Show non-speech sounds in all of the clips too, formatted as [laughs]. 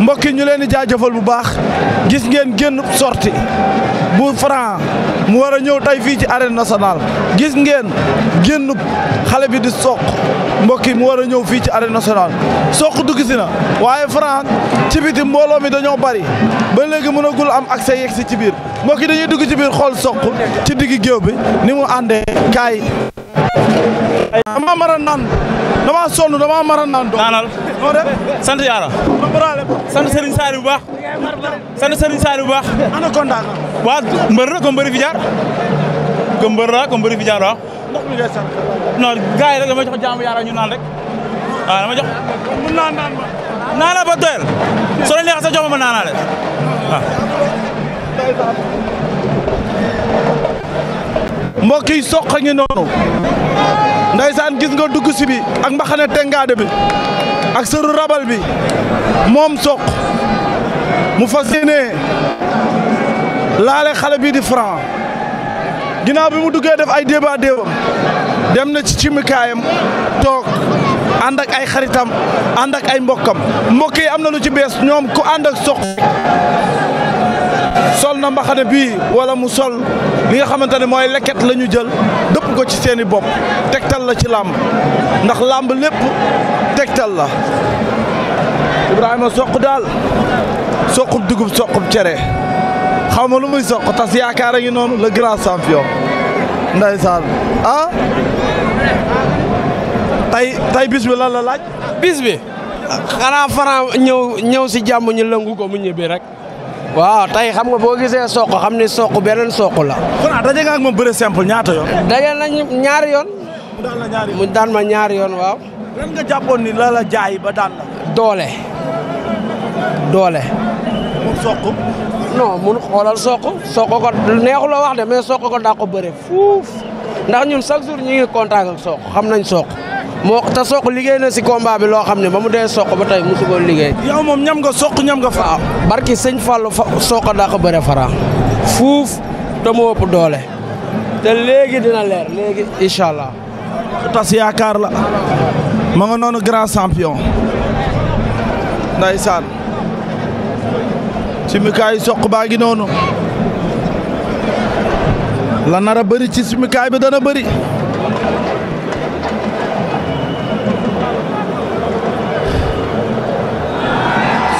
mbokk yi ñu leen di jaajëfal bu baax gis ngeen génn sorti bu Franc mu war a ñëw tey fii ci arène nationale gis ngeen génn xale bi di soq mbokk yi mu war a ñëw fii ci arène nationale soq dugg na waaye Franc ci biti mbooloo mi dañoo bari ba léegi mënagul am accès yegg si ci biir mbokk yi dañuy dugg ci biir xool soq ci digg géew bi ni mu àndee kaay. dama mar a naan dama sonn dama mar a naan. sant yàlla. sant Serigne Sary bu baax. sant Serigne Sary bu baax. ana kontaan na. waaw mbër la comme mbëri fi jaar. rek dama jox jàmm yaara ñu naan rek. waaw dama ma. naan la ba doyel. soo leen neexee jox ma ma naanaale mbokk yi soq a ngi noonu ndaysaan gis nga dugg si bi ak mbaxane tengaade bi ak sëru rabal bi moom soq mu fa yéene laale xale bii di Franc ginnaaw bi mu duggee def ay déeba déebam dem na ci cimikaayam toog ànd ak ay xaritam ànd ak ay mbokkam mbokk yi am na lu ci bees ñoom ku ànd ak soq sol na mbaxane bii wala mu sol li nga xamante ne mooy leket lañu jël dëpp ko ci seeni bopp tegtal la ci làmb ndax làmb lépp tegtal la Ibrahima soq daal soqub dugub soqub cere xaw ma lu muy soq tas yaakaar a ngi noonu le grand champion ndeysaan a ah? tey tey bis bi lan la laaj bis bi ah. xanaa Franc ñëw ñëw si jàmm ñu lëngu ko mu ñëbbi rek waaw tey xam nga boo gisee soq xam ni soq beneen soq la. kon ah daje nga ak bëre simple ñaata yoon. daje nañ ñaari yoon. mu daan ma ñaari yoon waaw. lan nga la la jaay ba doole. doole. moom soq. mun xoolal soq. soq ko neexu la wax de mais soq ko daa ko bëre fuuf ndax ñun chaque jour ñu ngi contact ak xam nañ soq. moo te sook liggéey na si combat bi loo xam ne ba mu dee soq ba tey mosu ko liggéey. yow moom ñam nga soq ñam nga fara. barki sëñ Fallou fa soq daa ko bëre fara fuuf te mu ëpp doole te léegi dina leer léegi incha allah. tas yaakaar la. ma nga noonu grand champion. ndeysaan. simikaay soq baa ngi noonu. la nara bëri ci simikaay bi dana bëri.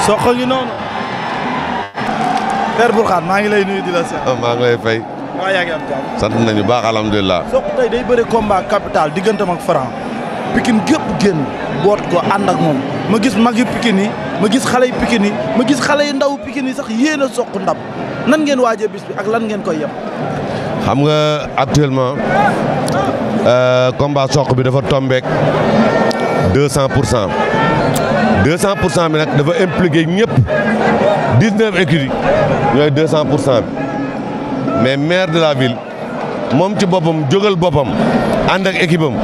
sox ngi noonu. Père Bourkhane maa ngi lay nuyu di la oh, sant nañu baax alhamdulilah. sox tey day bëri combat capital diggante ak Franc. Pikine gépp génn boot ko ànd ak moom ma gis mag yu Pikine yi ma gis xale yu Pikine yi ma gis xale yu ndaw Pikine yi sax yéen a soq ndam nan ngeen waajee bis bi ak lan ngeen koy yem. xam nga actuellement euh, combat soq bi dafa tombeek deux pour cent. deux cent pour cent bi nag dafa impliqué ñëpp dix neuf écuries ñooy deux cent pour cent bi mais maire de la ville moom ci boppam jógal boppam ànd ak équipe am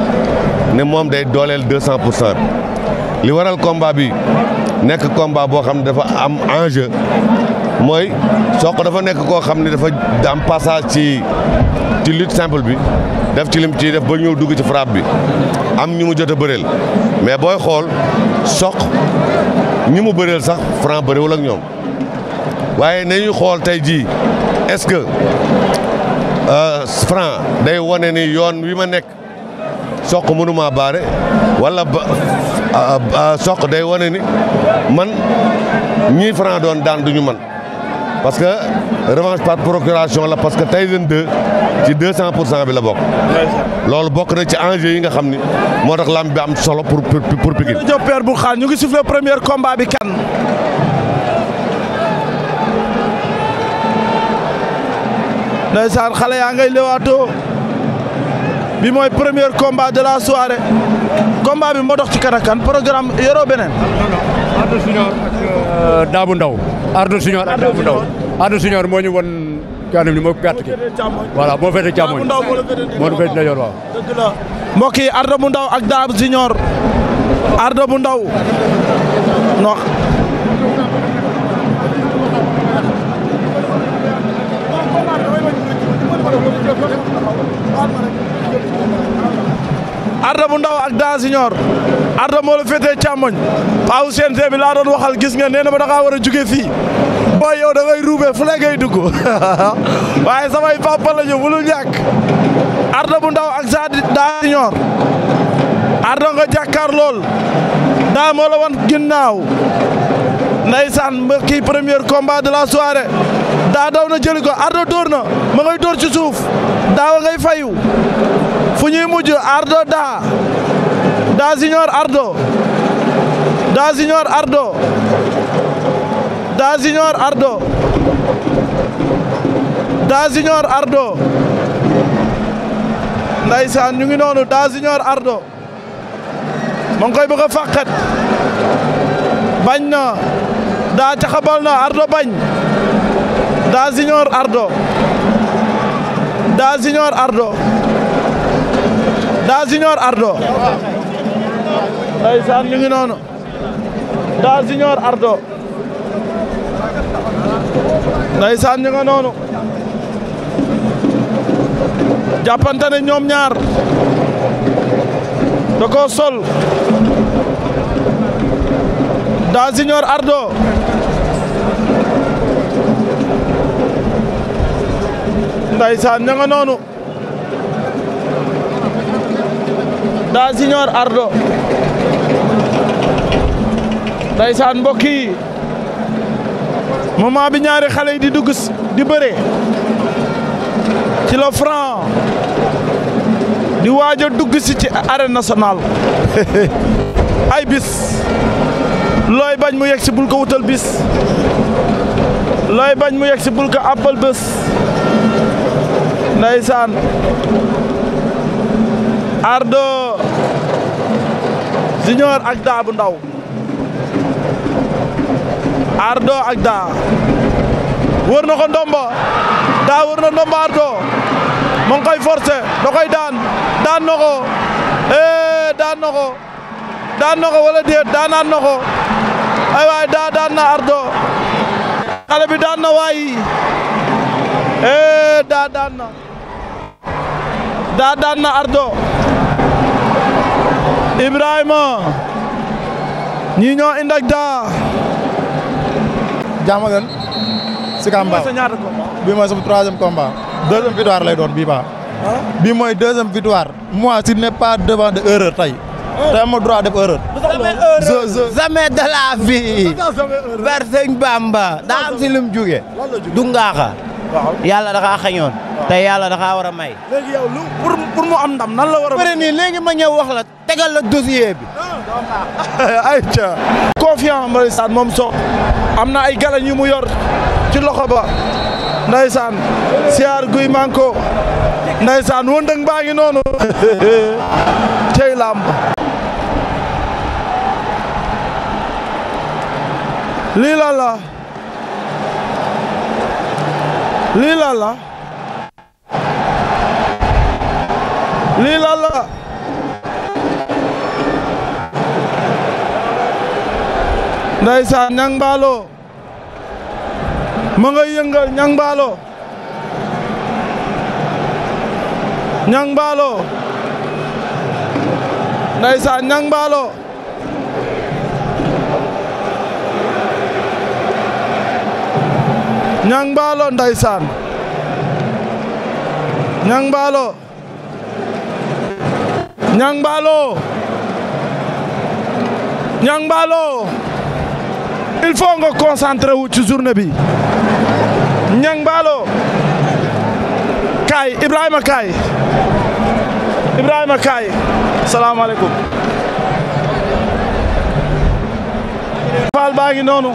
ne moom day dooleel deux cent pour cent bi li waral combat bi nekk combat boo xam ne dafa am enjeu mooy Sokh dafa nekk koo xam ni dafa am passage ci ci lutte simple bi def ci lim ci def ba ñëw dugg ci frappe bi am ñu mu jot a bëreel mais booy xool soq ñi mu bëreel sax franc bëriwul ak ñoom waaye nañuy xool tey jii est-ce que euh, franc day wane ni yoon wi ma nekk soq mënumaa baare wala euh, euh, soq day wane ni man ñii franc doon daan duñu man parce que revanche par procuration la parce que Tyson 2 ci 200 pour cent bi la bokk. loolu bokk na ci enjeu yi nga xam ni moo tax lamb bi am solo pour pour pour Pikine. jërëjëf Père Bourkhane ñu ngi soufflé premier combat bi kan. ndeysaan xale yaa ngay lewaatoo bi mooy premier combat de la soirée combat bi moo dox ci katakan programme yoroo beneen. Euh, Daabu Ndaw. Ardo Senior ak Dame Ardo Senior moo ñu won kanam ni moo gàtt moo féete càmmoñ moo féete ndijoor waaw dëgg la Ardo bu Ndaw ak Dame Junior bu Ndaw bu Ndaw ak Ardo moo la féetee càmmoñ paawu CNG bi laa doon waxal gis nga nee ma da ngaa war a booy yow da ngay ruube fu la ngay dugg [laughs] waaye samay papa la ñu mënul Ardo bu ndaw ak Zaa daa ñor Ardo nga jàkkaar lool daa moo wan ginnaaw ndeysaan mbokki premier combat de la soirée daa daw na jëli ko Ardo dóor ma ngay dóor ci suuf daawa ngay fayu fu ñuy mujj Ardo daa daa Junior Ardo daa Junior Ardo Da Junior Ardo Da Junior Ardo ndaysaan ñu ngi noonu Da Junior Ardo ma ngi koy bëgg a bañ na Da caxabal na Ardo bañ Da Junior Ardo daa Junior Ardo daa Junior Ardo ndeysaan ñu ngi noonu da ardo ndeysaan ñu nga noonu da ko sol daa junior ardo ndeysaan ña nga noonu ardo ndaysaan mbokk yi moment bi ñaari xale yi di dugg di bëre ci la Franc di waaj a dugg si ci arène nationale [laughs] ay bis looy bañ mu yegg si bul ko wutal bis looy bañ mu yegg si bul ko àppal bés ndaysaan Ardo Junior ak Daabu Ndaw Ardo ak daa wër na ko ndomba daa wër na ndomba Ardo mu ngi koy da koy daan daan na ko eh, daan na ko daan na ko wala déet daanaat na ko ay waay daa daan na Ardo xale bi daan na waay eh daa daan na daa daan na Ardo Ibrahima ñi ñoo ak daa jaama gën si Kamba bii mooy sama troisième combat deuxième victoire lay doon bii baa ah. bii mooy deuxième victoire moi si n'est devant de erreur tey ah. tey am droit def erreur jamais de la vie bar sëñ Bamba daa am si lum jóge du ngaaxa yàlla dafa xañoon te yàlla dafa war a may léegi yow pour mu am ndam nan la war a nii léegi ma ñëw tegal la dossier [laughs] na ay galañ yu mu loxo ngi noonu [laughs] cey lii la lii la ndeysaan ñang mbaalo ma nga yëngal ñang mbaalo ñang mbaalo ndeysaan ñang mbaalo ñang mbaalo ndeysaan ñang mbaalo ñang mbaalo ñang mbaalo il faut nga concentré wu ci journée bi ñang baalo kaay Ibrahima kaay Ibrahima kaay salaamaaleykum Fall baa ngi noonu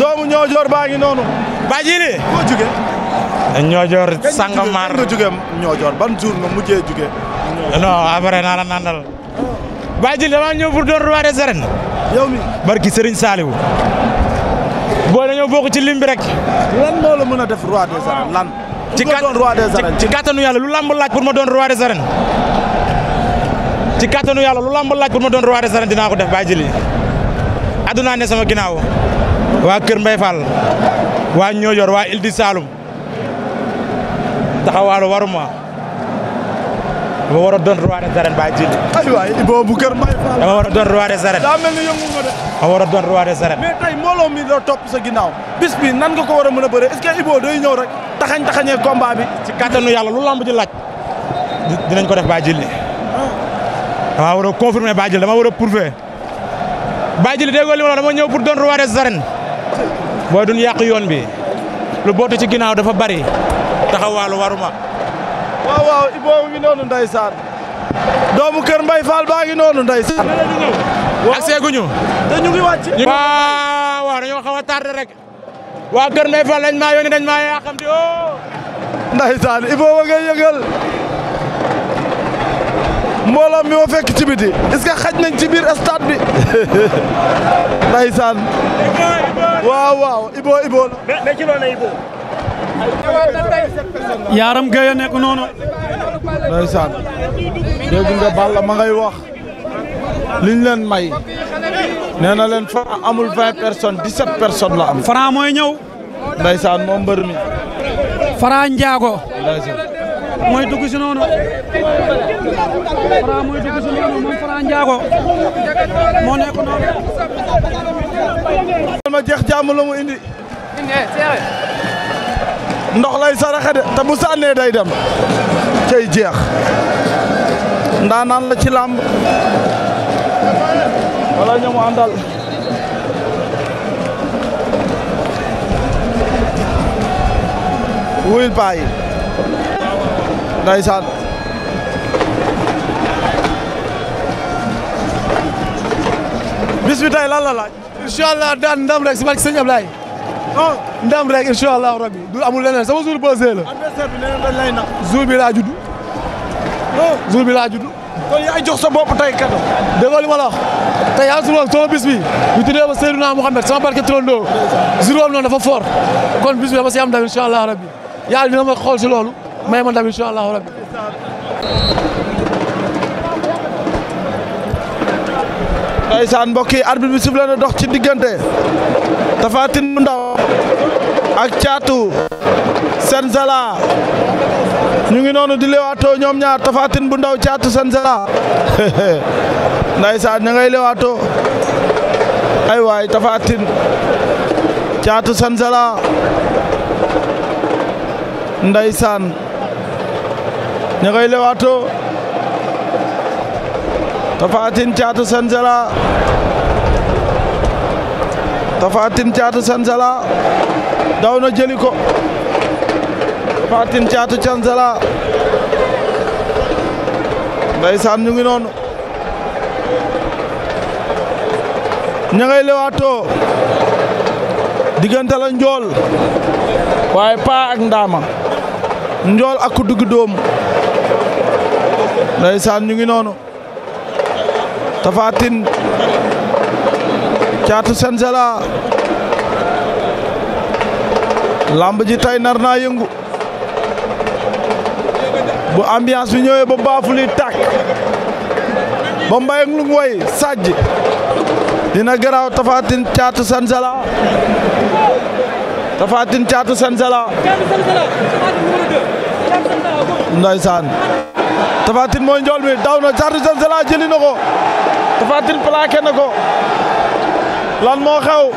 doomu ñoojoor baa ngi noonu bajili koo jóge ñoojoor Sangomar nga jóge ñoojoor ban jour nga mujjee jóge non après naa la nandal ah. bajili dama ñëw pour door roi des arènes yow mi barki sëriñ Saliou. booy dañoo bokk ci lim bi rek. lan moo la mën a def roi des arènes lan. ci kàttanu yàlla lu lamb laaj pour ma doon roi des arènes. ci kàttanu yàlla lu lamb laaj pour ma doon roi des arènes dinaa ko def bàyyi jëli. addunaa ne sama ginnaaw waa Kër Mbay Fall waa Ñoojoor waa Ildi Saloum taxawaalu waruma. dama war a doon roi des arènes Baye bu kër Mbaye Fall. dama a doon roi des arènes. daa mel ni yëngu nga de. dama war a doon roi des mbooloo mi la topp sa ginnaaw. bi nan nga ko war a mën a bëree est-ce que Ibo day ñëw rek. taxañ taxañee combat bi. ci kattanu yàlla lu lamb ji laaj. dinañ ko def baa Djily. dama war a confirmer Baye Djily dama war a prouver. Baye Djily dégg nga li ma la dama ñëw pour doon roi des arènes. booy duñ yàq yoon bi. lu bootu ci ginnaaw dafa bari. taxawaalu waruma waaw waaw Ibou ngi noonu ndeysaan doomu kër Mbay Fall baa ngi noonu ndeysaan ak seeguñu te ñu ngi wàcc waaw waaw dañoo xaw a tardé rek waa kër Mbay Fall maa yónni dañ maa yàqamti o oh. ndeysaan Ibou wa ngay yëngal mbooloo mi ma fekk ci biti est-ce que xaj nañ ci biir stade bi [laughs] waaw waaw Ibou Ibou Yaram Gueye a nekk noonu. ndeysaan dégg nga Balla ma ngay wax liñ leen may nee na leen Franc amul vingt personnes dix-sept personnes la am. Franc mooy ñëw. ndeysaan moom mbër mi. Franc Ndiago. mooy dugg si noonu Franc mooy moo nekk noonu. ma jeex jàmm la mu indi. ndox lay saraxe de te bu sànnee day dem cay jeex ndaanaan la ci làmb wala ñoomu àndal wuyul paa yi ndeysaan bis bi la laaj incha daan ndam rek si barke sëñ ndam rek incha rabbi du amul leneen sama jour bësee la. adversaire bi leneen dañ lay nax. jour bi laa judd. Oh. bi laa judd. kon yaay jox sa bopp tey kat. déggoo li ma la wax tey yaa suroon sama bis bi ñu tuddee ba Seydouna Mouhamed sama barke Trondo. juróom noonu dafa fort kon bis bi si am ndam incha rabbi yàlla dina ma xool si loolu may ma ndam incha allahu rabbi. ndeysaan mbokk yi arbitre bi sifflé na ci diggante Tapha Tine bu ndaw ak caatu Senzala ñu ngi noonu di lewaatoo ñoom ñaar tafaatin bu ndaw caatu Senzala [laughs] ndaysaan ña ngay lewaatoo ay waay tafaatin caatu Senzala ndaysaan ña ngay lewaatoo tafaatin caatu Senzala tafaatin caatu Senzala daw na jëli ko Tapha Tine Thiatou Thiansala ndeysaan ñu ngi noonu ña ngay lewaatoo diggante la njool waaye paa ndaama njool ak ku dugg dóom ndeysaan ñu ngi noonu Tapha Tine Thiatou lamb ji tey nar naa yëngu bu ambiance bi ñëwee ba baafuli tàkk ba mbay way sàjj dina garaaw tafaatin caatu sanzala tafaatin caatu sanzala ndeysaan tafaatin mooy njool mi caatu sanzala jëli ko tafaatin plaqué ko lan moo xew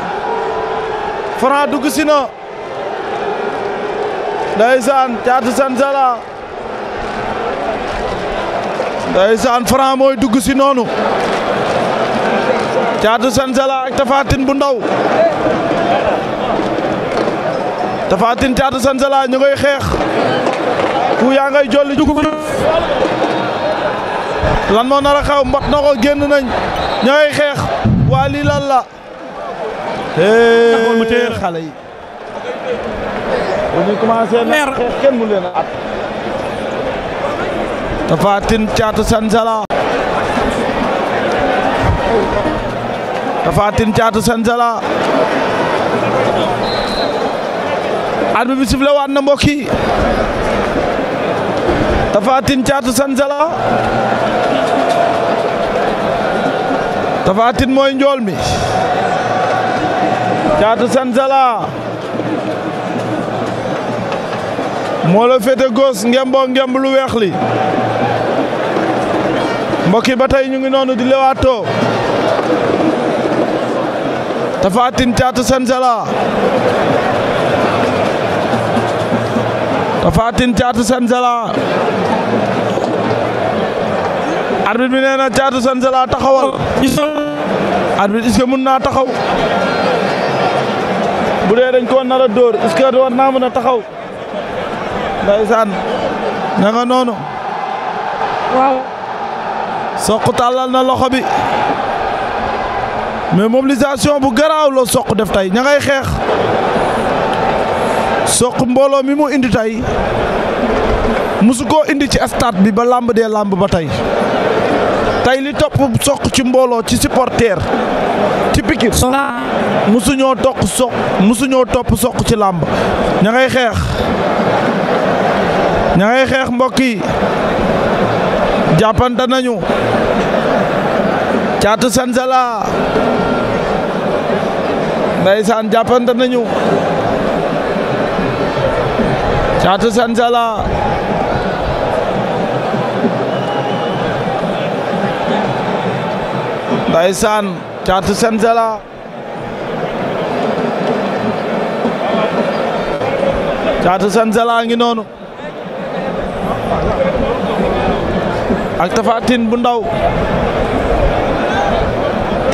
Franc dugg ndeysaan Caatu Sansala ndeysaan Franc mooy dugg si noonu Caatu Sansala ak bu ndaw Tapha Tine Caatu Sansala ñu ngay xeex ku yaa ngay jolli dugg lan moo nar a xaw mbot na ko génn nañ ña ngay xeex waa lii lan la. xale yi. bu ñu commencé nag xeex kenn mu leen at Tapha Tine Thiatou Sansala Tapha Tine waat na mbokk yi Tapha Tine Thiatou Sansala Tapha mooy njool mi Thiatou Sansala moo la gos góos ngemboo ngemb lu weex li mbokk yi ba tey ñu ngi noonu di lewaatoo Tapha Tine Thiatou Senzela Tapha Tine Thiatou Senzela arbitre bi nee na Thiatou Senzela taxawal arbitre est-ce que mën naa taxaw bu dee dañ ko nar a dóor est-ce war naa mën a taxaw ndeysaan na noonu soq tàllal na loxo bi mais mobilisation bu garaaw la soq def tey ña ngay xeex soq mbooloo mi mu indi tey musu koo indi ci stade bi ba làmb dee làmb ba tey tey li topp soq ci mbooloo ci supporter ci pikir musuñoo toq soq mësuñoo topp soq ci làmb ña ngay xeex ña ngay xeex mbokk yi jàppante nañu caatu sanzala ndeysaan jàppante nañu caatu sanzala ndeysaan caatu sanzala caatu sanzala ngi noonu ak tafatin bu ndaw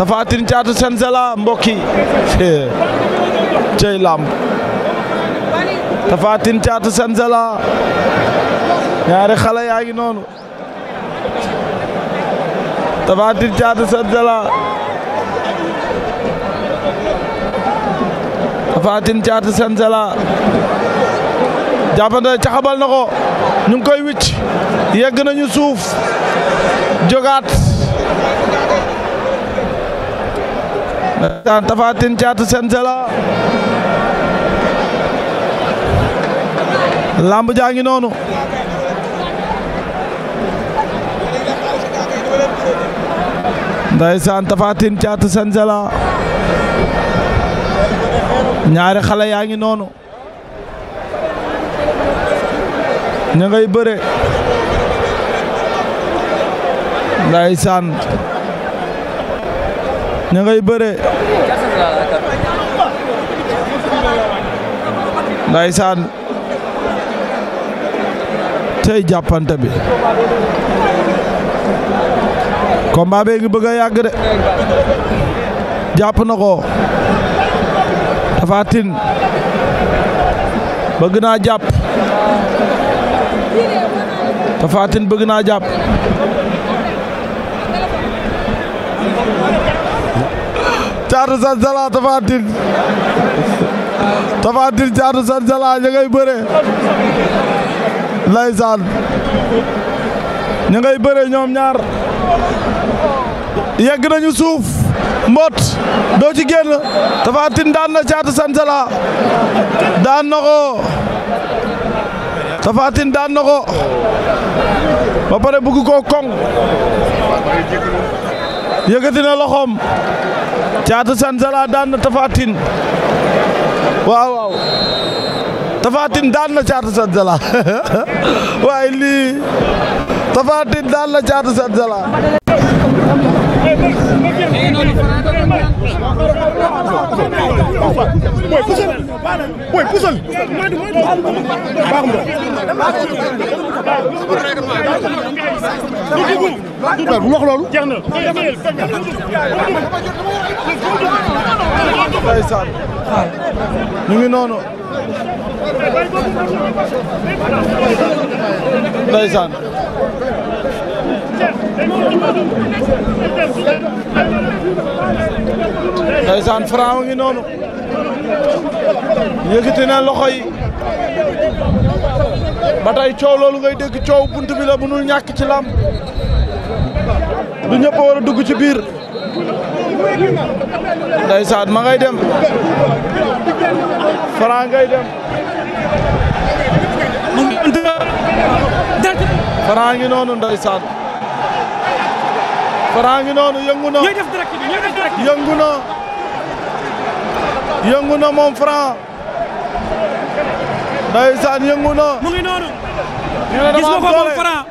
tafatin caatu sensela mbokki cey [laughs] lamb tafatin caatu sensela ñaari xale yaa ngi noonu tafatin caatu sensela tafatin caatu sensela jàppante caxabal na ko ñu ngi koy wicc yegg nañu suuf jógaat daan tafaatin caatu sense la lamb jaa ngi noonu ndaysaan tafaatin caatu sense la ñaari xale yaa ngi noonu ña ngay bëre ndeysaan ña ngay bëre ndeysaan tey jàppante bi combat bee ngi bëgg a yàgg de jàpp na ko Tapha Tine bëgg naa jàpp Tapha bëgg naa jàpp caatu san sala Tapha Tine Tapha Tine caatu san sala ña ngay bëre laysaan ña ngay ñoom ñaar yegg nañu suuf mbot doo ci génn Tapha Tine daan na caatu san daan na ko tafaatin Tine daan na ko ba pare bugg koo koŋ yëkkati na loxoom Caatu Sansara daan na Tapha Tine waaw waaw Tapha Tine daan na Caatu Sansara [laughs] waaye lii Tapha Tine daan na Caatu Sansara boy pusal baax bu wax ngi noonu ndeysaan ndeysaan Franc ngi noonu yëkkati na loxo yi ba tey coow loolu ngay dégg coow bunt bi la mënul ñàkk ci làmb du ñëpp war a dugg ci biir ndeysaan ma ngay dem Franc ngay dem Franc ngi noonu ndeysaan Franc ngi noonu yëngu na. yëngu na yëngu na moom Franc. yëngu na. mu ngi noonu. gis moom Franc.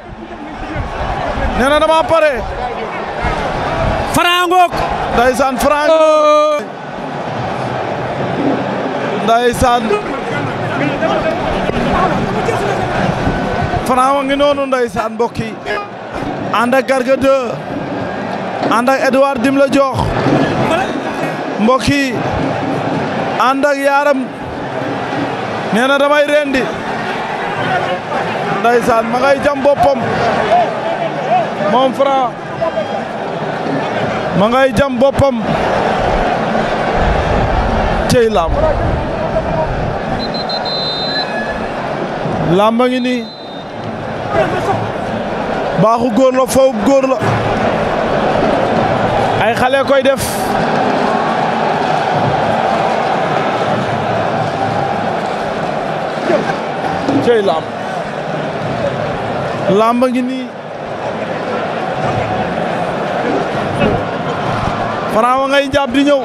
na dama pare. Franc ngoog. ndeysaan Franc. ndeysaan. Franc wa ngi noonu ndeysaan mbokk ànd ak Edouard la Diokh mbokk yi ànd yaaram nee na damay rendi ndeysaan ma ngay jam boppam moom Franc ma ngay jam boppam cey làmb làmb ngi nii baaxu góor la foofu góor la ay xale koy def cey làmb làmb ngi nii Franc ngay jàpp di ñëw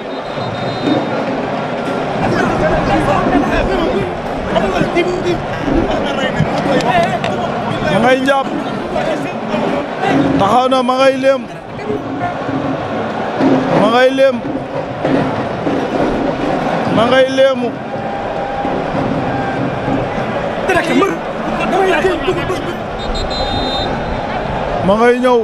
ngay jàpp taxaw na ma ngay léem ma ngay léem ma ngay léemu. ma ngay ñëw.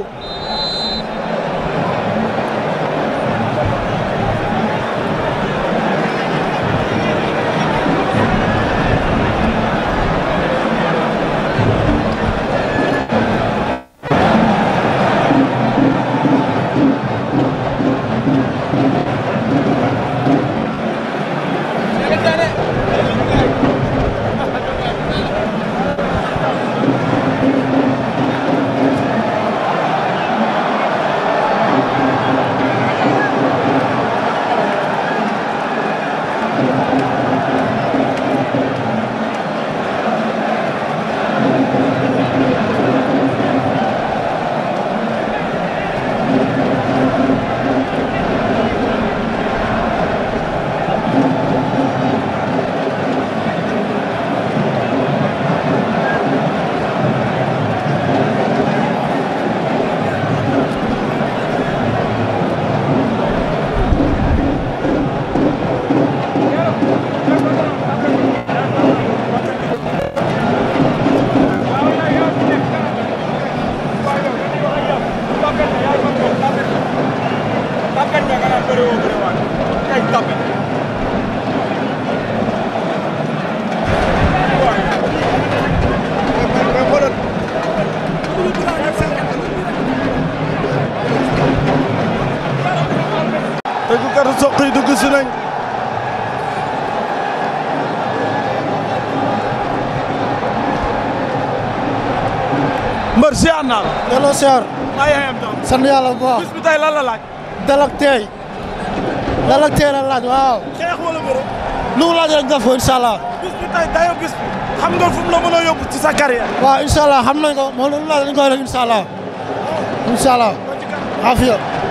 delloo siyaar. waaw yaa am doom. sant yàlla bu baax. bis bi tey lan la laaj. dal ak teey. dal ak teey la laaj waaw. xeex wala bëre. lu mu laaj rek def ko xam nga la mën ci sa carrière. waaw incha allah xam nañ ko moom lu mu laaj dañ koy def incha allah. Oh.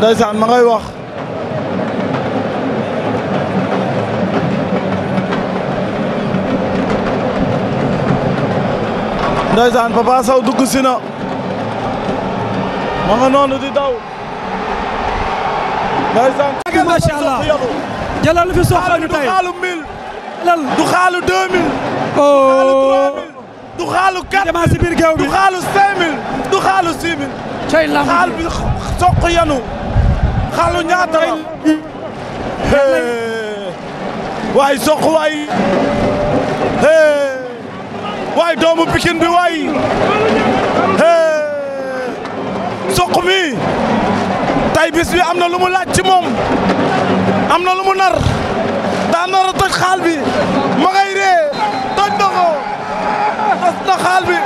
ndeysaan ma ngay wax ndeysaan Papa ma nga noonu di daw ndeysaan macha Allah jëlal fi du xaalu oh. du xaalu quatre du xaalu cinq mille du xaalu bi soq yanu xalu ñaata la waay soq waay waay doomu pikin bi waay soq mi tay bis bi am na lu mu laaj ci moom am na lu mu nar daa nar a xaal bi ma ngay ree toj na ko xaal bi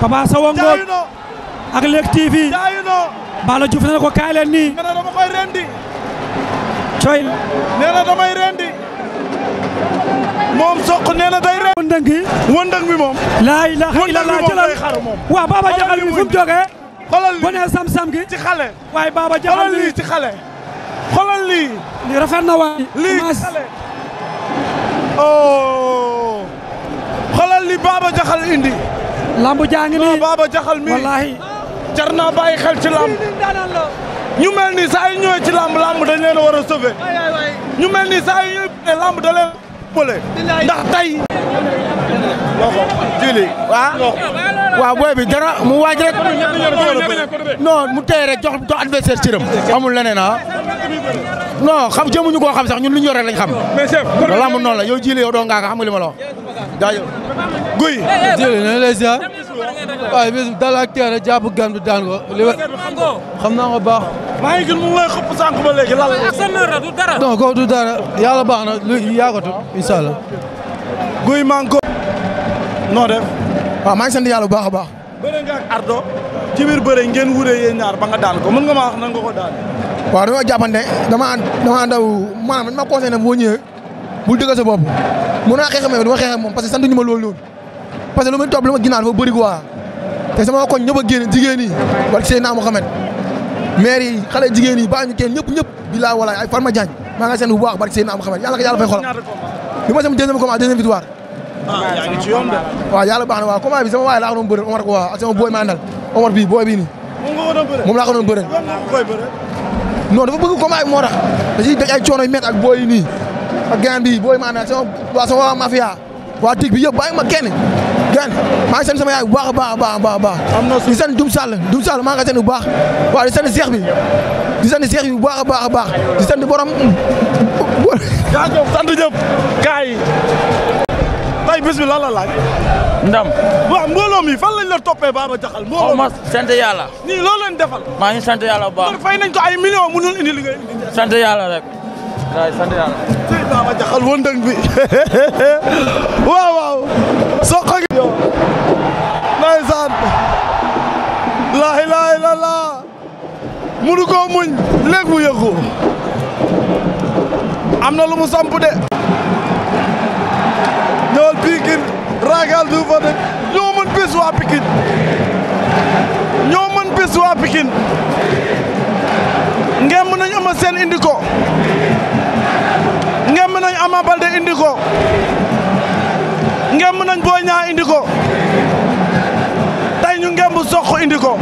Papa Sow ak Leeg TV Baalo Diouf nee na ko kaay leen nii. nee na dama koy rendi. Coy. nee damay rendi. moom soq nee day rendi. wëndëng bi wëndëng bi moom. laa ilaaha illallaah jëlal waaw Baba Jaxal bi fu mu jógee. xoolal lii bu sam sam gi ci xale. waaye Baba Jaxal lii ci xale. xoolal lii. lii rafet na waay. lii xale. oh. xoolal li Baba Jaxal indi. lambu jaa nii jar naa bàyyi xel ci làmb ñu mel ni saa yu ñëwee ci làmb làmb dañ leen a war a sauver ñu mel ni saa yu ñëwee làmb da leen ndax tey loxo jili ah? waaw waaw bi dara mu waaj rek non mu tey rek jox jox adversaire cëram amul leneen a ah? non xam jëmuñu koo xam sax ñun lu ñu yor rek lañ xam làmb noonu la yow jili yow doo ngaa ko xam nga ma la guy jili na lay ziar waaye bis dal ak teel a jàpp gan bi daan ko. li xam naa ko baax. maa ngi gën ba léegi lan la. du dara. non kooku du baax na lu yàggatu incha allah. guy maa ngi ko. noo def. waaw maa ngi sant yàlla bu baax a baax. bëre nga ak Ardo. ci biir bëre ngeen wuree yéen ñaar ba daan ko mën nga maa wax nan nga ko daan. waaw dama jàppante dama dama daw maanaam dañ ma conseillé ne boo ñëwee bul dëgg sa bopp mën naa xeex ak moom dama xeex moom parce que ñu ma loolu loolu parce que lu ma topp lu ma ginnaaw dafa bëri quoi te sama koñ ñëpp a génn jigéen yi wala Seydina Mohamed maire yi xale jigéen yi bàyyi ñu kenn ñëpp ñëpp bilaa wala ay Farma Diagne maa nga seen bu baax barke Seydina Mohamed ah, yaa ngi ci yoon de waaw yàlla baax na waaw bi sama waay laa ko doon booy maa ndal Omar bii booy bii nii moom laa ko doon bëre non dafa bëgg combat ak booy yi nii gaan bi booy maa ndal waa sama waa mafia waa bi yëpp bàyyi ma kenn gan maa ngi sant sama yaay bu baax a baax a baax a baax. am na solo di sant Doum Sall Doum Sall maa ngi sant bu baax waaw di sant Cheikh bi di sant Cheikh bi bu baax a baax a baax di sant borom. jaajëf sant ñëpp gars yi tey bis bi lan la laaj. ndam. waaw mbooloo mi fan lañ la toppee Baba Diakhal. mbooloo mi ma sant yàlla. nii loo leen defal. maa ngi sant yàlla bu baax. fay nañ ko ay millions mënul indi li nga indi. sant yàlla rek. waaw sant yàlla. sëñ jaxal wëndëng bi [laughs] waaw waaw soq ak yow ndeysaan laa ilaaha illallaah munu koo muñ léegi mu yëg am na lu mu samp de ñëwal Pikine ragal du fa dëkk waa Pikine ñoo mën bis waa Pikine ngem na Eumeu Sène indi ko ngemb nañ Ama indi ko ngemb nañ Boy Niang indi ko tey ñu ngemb soq indi ko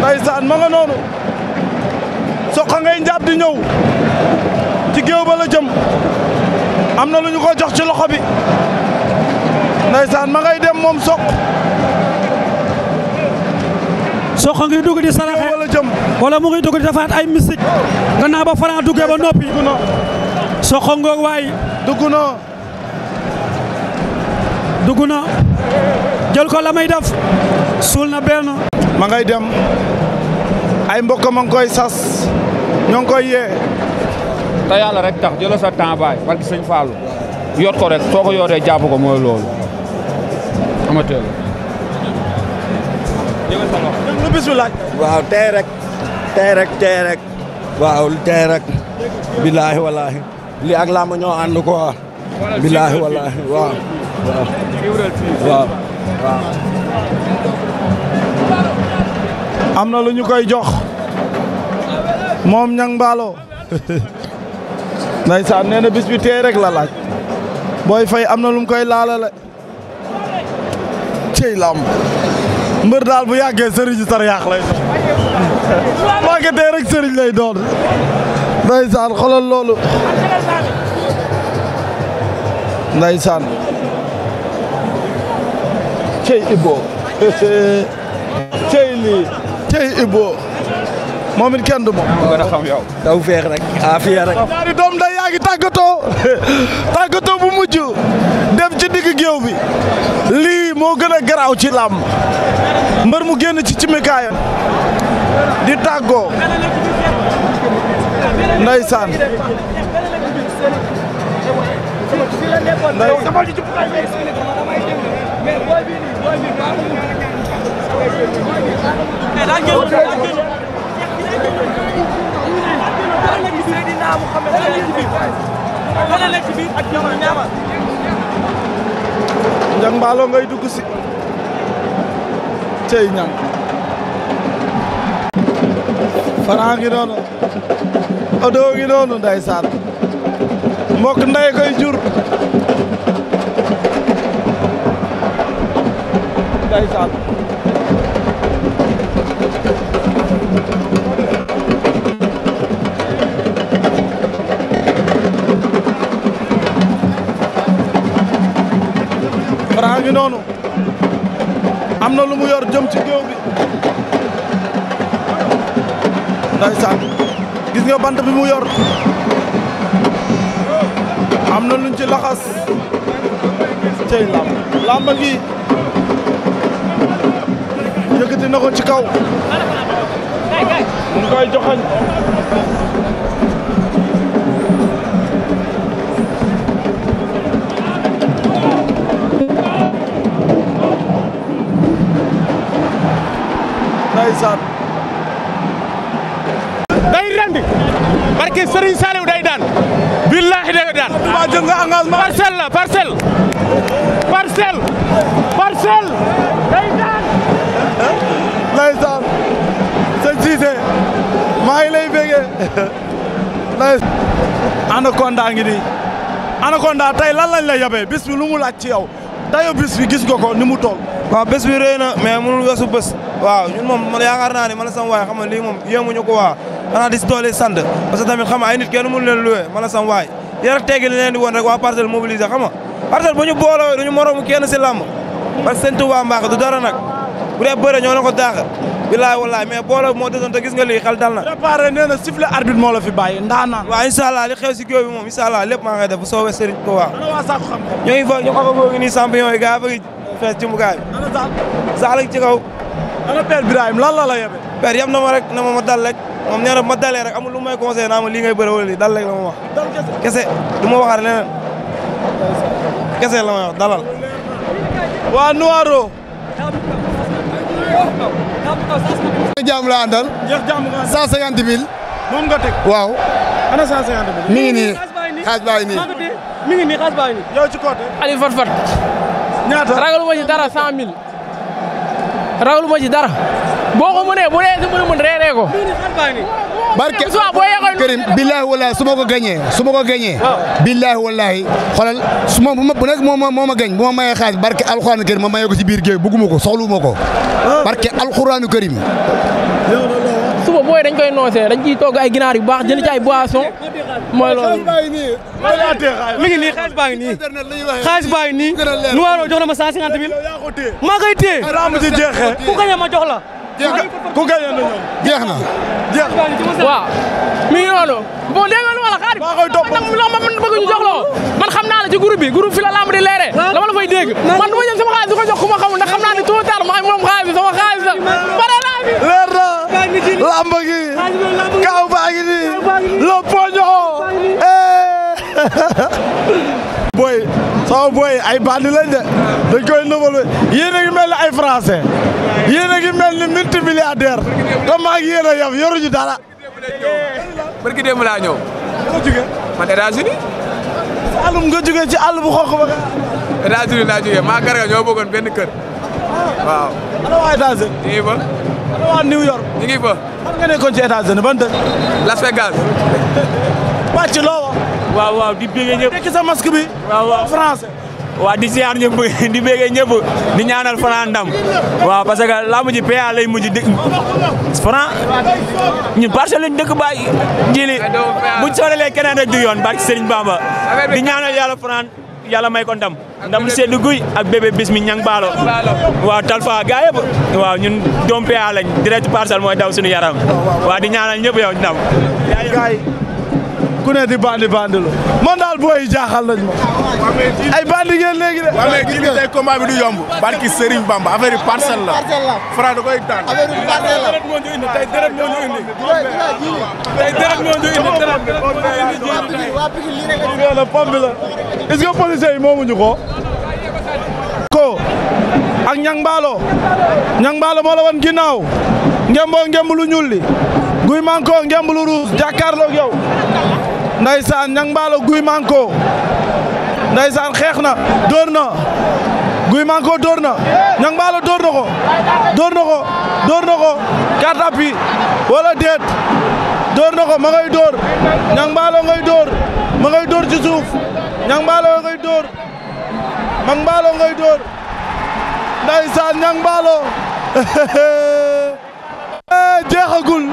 ndeysaan ma nga noonu Sokh ngay njàpp di ñëw ci géew ba la jëm am na lu ñu ko jox ci loxo bi ndeysaan ma ngay dem moom soq soqa ngi dugg di saraxe wala mu ngi dugg di defaat ay mystique gannaaw ba Franc duggee ba noppi soqa ngoog waay dugg na dugg na jël ko la may def suul na benn ma ngay dem ay mbokk ma ngi koy sas ñoo ngi koy yee te yàlla rek tax jëla sa temps baay barki sëñ Fallou ko rek soo ko yootee jàpp ko mooy loolu amateel bis bi laaj. waaw tey rek. tey rek tey rek. waaw tey rek. bilaahi li ak làmb ñoo ànd ko waaw. bilaahi walaahi waaw. waaw am na lu ñu koy jox. moom ñang mbaalo. ndeysaan nee na bis bi tey rek la laaj. booy fay am na lu mu koy laalale. cey làmb. mbër daal bu yàggee sëriñ si sar yaax lay doon màggatee rek sëriñ lay doon ndaysaan xoolal loolu ndaysaan cey Ibou cey lii cey Ibou moom it kenn du moom. gën feex rek. ah rek. ñaari doom day yaa ngi tàggatoo tàggatoo bu mujj. dem ci digg géew bi lii moo gën a garaaw ci làmb mbër mu génn ci cimikaayam di tàggoo ndeysaan Seydina Niang Mballo ngay dugg ci cey Niang Franc ngi noonu Odo ngi noonu ndeysaan mbokk ndey koy jur ndeysaan noonu am na lu mu yor jëm ci géew bi ndaysaan gis nga bant bi mu yor am na luñ ci laxas cey làmb làmb gi yëkkati na ci kaw mu joxañ ndeysaan day rendi barke Serigne day daan billahi day daan Touba la parcelle parcelle parcelle day daan ndeysaan sëñ Cissé maa ngi lay bégee Anaconda ngi nii Anaconda tey lan lañ la yabee bis bi lu mu laaj ci yow dayo bi gis nga ko ni mu toll waaw bés bi rëy na mais mënul waaw ñun moom man yaakaar naa ne man sama waay xam nga lii moom yéemuñu ko waa xanaa di si doole sant parce que tamit xam nga ay nit kenn mënu leen loué man sama waay yar ak teegi li leen di waa parcelle mobilisé xam nga parcelle bu ñu booloo duñu moroomu kenn si làmb parce que na bilaay wallaay mais booloo moo desoon te gis nga lii xel dal na préparé nee na sifflet arbitre moo la fi bàyyi ndaanaan waaw incha allah li xew si géew bi ko waa ñoo ngi fa ñu xafa googi nii champion yi gaa bëgg fees ci kaw ana Père Birahim lan la la yebe Père yem na ma rek na ma ma dal rek moom ma dalee rek amul lu may conseillé naa ma lii ngay bëre wala lii dal rek la ma wax. dal kese du ma waxaat leneen kese la ma wax dalal. waa Noiro. jaam la nii xaas baa nii. mi nii xaas baa nii. yow ci côté. Aliou dara 100 ragalu ma ci dar boo ko mënee bu dee si mën a mën reeree ko. barke Karim billaahi wallaahi su ma ko gañee su ma ko gañee billaahi wallaahi xoolal su ma bu nekk moo moo ma gañ bu ma mayee xaalis barke alxuraanu karim ma mayee ko si biir géew bugguma ko soxluwuma ko ah. barke alxuraanu karim suba booy dañ koy noosee dañ ciy togg ay ginaar yu baax ci ay boisson mooy loolu mi ngi nii xaalis baa ngi nii xaalis baa ngi nii Nuwaaroo jox na ma 150 000 maa koy téye ku gañe ma jox la ku gañe na jeex na jeex waaw noonu bon dégg nga lu ma la xaadim loo ma mën bëgg ñu jox la man xam naa la ci groupe bi groupe fi la lamb di leere dama ma jël sama xaalis di ko jox ku ma xamul ndax xam naa ni tout tard moom xaalis bi sama xaalis [laughs] booy sama booy ay bandi lañ de dañ koy nëbal yéen a ngi mel ni ay français yéen a ngi mel ni multimilliardaire te maa ngi yéen a yam yoruñu dara. barki démb laa ñëw. nga jógee. man États-Unis. alum nga jógee ci àll bu xonq ba. États-Unis laa jógee maa garga ñoo bëggoon benn kër. Ah. waaw. ana waa États-Unis. ñu ngi fa. Las Vegas. [laughs] wàcc loo waaw waaw di béggee ñëpp. sa masque bi. waaw waaw di ziar [laughs] di ñaanal Franc ndam waaw parce que laa mujj PA lay mujj dëkk Franc ñun parcelle lañ dëkk baay jili buñ soorelee keneen rek du yoon barki Serigne Bamba di ñaanal yàlla Franc yàlla may ko ndam ndam seddu guy ak bébé bis mi ñang baalo waaw talfa gaa yëpp waaw ñun doom PA lañ direct parcelle mooy daw suñu yaram waaw di ñaanal ñëpp yow ndam ku ne di bandi bandi la man booy jaaxal nañ ma. ay bandi ngeen léegi de. waaw moo ñu indi ko. ko ak Niang Ballo Niang Ballo moo la woon ngemboo ngemb lu guy man ko ruus jàkkaarloo ak ndaysaan ñang mbaalo guy manko ndaysaan xeex na dóor na guy manko dóor na ñang mbaalo dóor na ko dóor na ko dóor na ko quatre appuis wala déet dóor na ko ma ngay dóor ñang mbaalo ngay dóor ma ngay dóor ci suuf ñang mbaalo ngay dóor ñang mbaalo ngay dóor ndaysaan [laughs] eh, jeexagul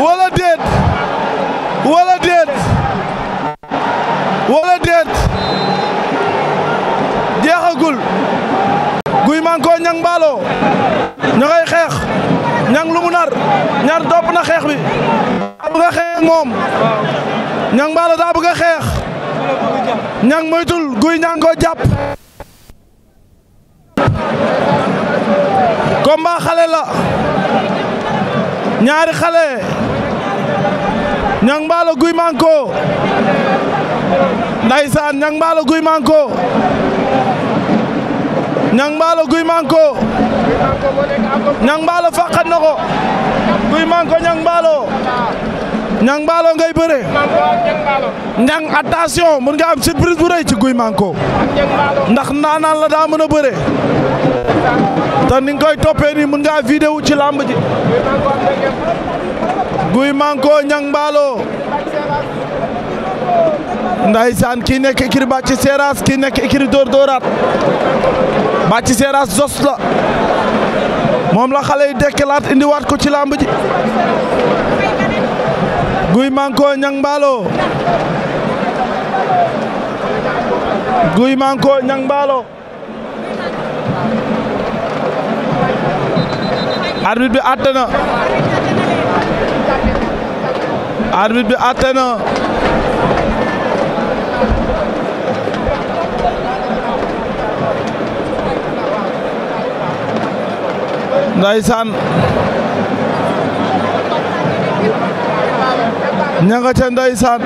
wala déet wala déet jeexagul guy manko ñang mbaalo ña ngay xeex ñaŋ lu mu nar ñaar topp na xeex bi daa bëgg a xeex moom ñang mbaalo daa bëgg xeex ñang moytul guy ñang ko jàpp combat xale la ñaari xale ñang mbaalo guy ko ndaysaan ñang mbaalo guy manko ñang mbaalo guy manko ñang mbaalo fàqat na ko guy manko ñang mbaalo ñang mbaalo ngay bëre ñang attention mën nga am surprise ci guy manko ndax naanaan la daa mën a bëre te ni nga koy toppee nii mën ngaa vidéo ci làmb ji guy manko ñang mbaalo ndaysaan kii nekk écurie Bathie Seras kii nekk écurie Dóor Dóoraat Bathie Seras Zoss la moom la xale yi dekkalaat indiwaat ko ci làmb ji guy manko ñang mbaalo guy manko ñang mbaalo arbitre bi àtte na bi àtte na ndaysaan ña nga ca ndaysaan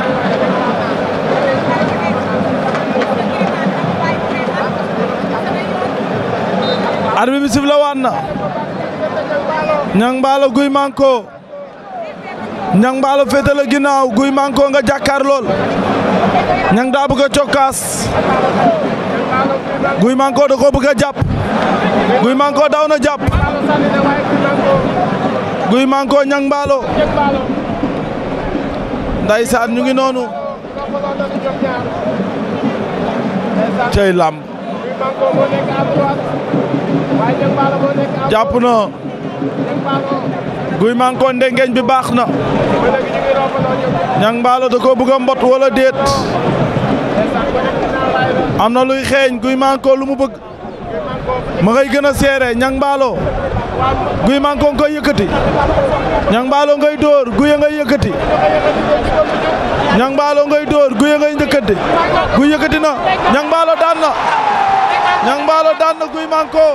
arbi bi na ñang mbaalo guy manko ñang mbaalo féetale ginaaw guy manko nga jàkkaar lool ñang daa bëgg cokkaas guy manko da ko bëgg a jàpp guy manko daw na jàpp guy manko ñang mbaalo ndaysaan ñu ngi noonu cey lamb jàpp na guy manko ndengeñ bi baax na ñang mbaalo da ko bëgg a mbot wala déet am na luy xeeñ guy manko lu mu bëgg ma ngay gën a seere ñang mbaalo guy man ko nga yëkkati ñang mbaalo ngay dóor guy ngay yëkkati ñang mbaalo ngay dóor guy ngay njëkkati guy yëkkati na ñang mbaalo daan na mbaalo daan guy man ko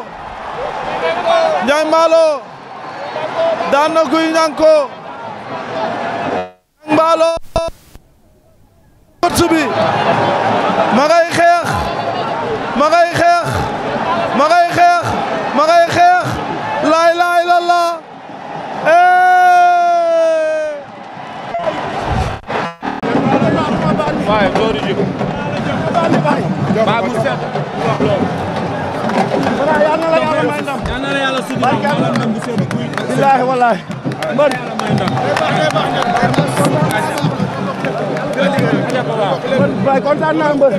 ñang mbaalo daan na guy ñang ko ñang mbaalo kot bi ma xeex ma xeex waaye loolu yëpp. baa bu set wax loolu. yal na la yàlla may ndam. yal na la yàlla subi ndam yal na la ndam bu sedd. billaahi wallaahi. mbër. waaye kontaan naa mbër.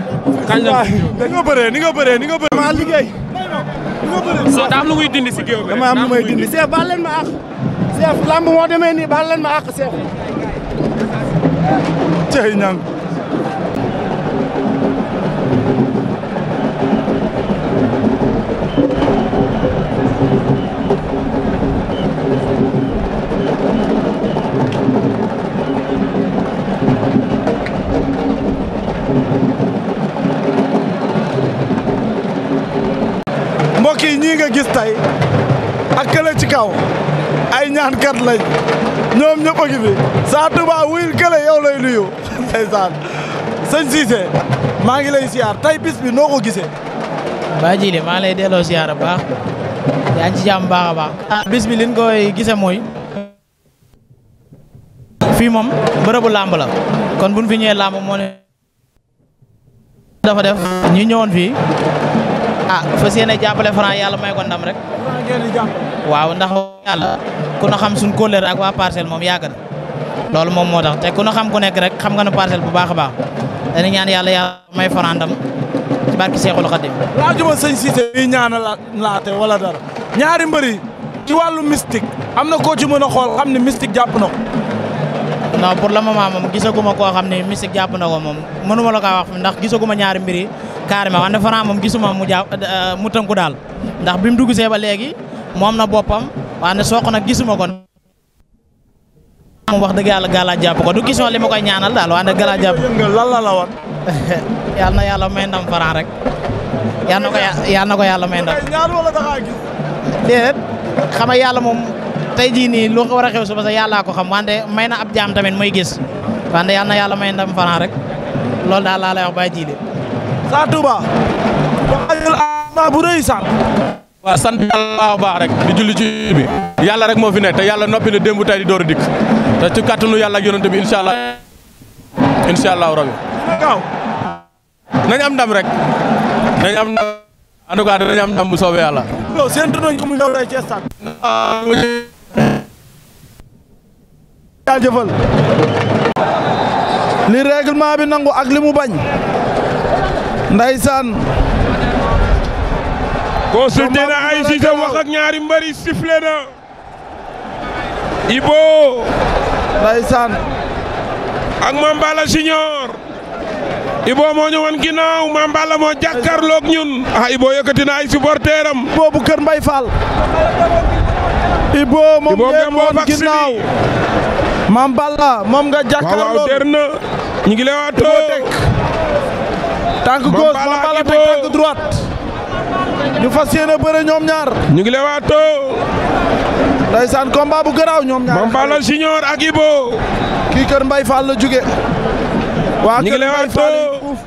kañ la ni nga bëree ni nga bëree ni nga bëree. maa liggéey. so daam lu muy dindi si géew bi dama am lu muy dindi Cheikh baal leen ma àq Cheikh lamb moo demee nii baal leen ma àq Cheikh cey ñang ñii nga gis tey ak kële ci kaw ay ñaankat lañ ñoom ñëpp a ngi fi saa Touba wuyul kële lay nuyu [laughs] ndeysaan sëñ maa ngi lay siyaar tey bis bi noo ko gise Ba Jili maa lay delloo siyaar bu baax yaa ngi ci jàmm baax a baax. Ah, bis bi liñ koy gisee mooy. fii moom bërëbu làmb la kon buñ fi ñëwee làmb moo dafa def ñi ñëwoon fii. ah fas yéene jàppale Franc yàlla may ko ndam rek. waaw ndax yàlla ku na xam suñ kóllëre ak waa parcelle moom yàgg loolu moom moo tax te ku na xam ku rek xam nga ne parcelle bu baax a baax dañu ñaan yàlla yàlla may Franc ndam ci barki Seexul Xadim. laajuma sëñ Cissé yi ñaan laate wala dara ñaari mbëri ci wàllu mystique am na koo ci a xool xam ne mystique jàpp na ko. non pour le moment moom gisaguma koo xam ne mystique jàpp na ko moom mënuma la kaa wax ndax gisaguma ñaari mbir carrément wante Franc moom gisuma mu jàpp euh, mu tënku daal ndax bi mu dugg see ba léegi moom na boppam wante Sokh nag gisuma ko. moom wax dëgg yàlla gàllaa jàpp ko du question li ma koy ñaanal daal wante gàllaa jàpp lan la la woon. [laughs] yàlla na yàlla may ndam Franc rek. yàlla na ko yàlla na ko yàlla may ndam. déedéet xam nga moom tey jii nii lu war a xew suba sax yàllaa xam wante may na ab jaam tamit muy gis wante yàlla na yàlla may ndam Franc rek loolu daal laa lay wax bàyyi Sa Touba waajal ama bu rëy sax waaw sant yàlla baax rek di julli ci bi yàlla rek moo fi nekk te yàlla noppi na démb di door a dikk te ci kàttanu yàlla ak yonent bi incha allah incha allah rabi nañ am ndam rek nañ am ndam en tout cas am ndam bu soobee yàlla yow seen tudd bi nangu ak li mu bañ Ndeysaan. consulté ay si wax ñaari mbëri sifflé na. Ibo. Ndeysaan. ak Mame Balla Junior. Ibo moo ñëwoon ginnaaw Mame Balla moo ñun ah Ibo yëkkati ay supporter am. Ibo Kër Mbay Fall. Ibo moom ngeen woon ginnaaw. Mame Balla nga jàkkaarloog waaw waaw der na ñu tànk gauche Mame Balla teg tànk ñu fas yéene bëre ñoom ñaar ñu ngi lewaato ndeysaan combat bu garaaw ñoom ñaar Mame Balla Junior ak Ibo kii kër Mbay Fall la jóge waa ñu ngi lewaato uuf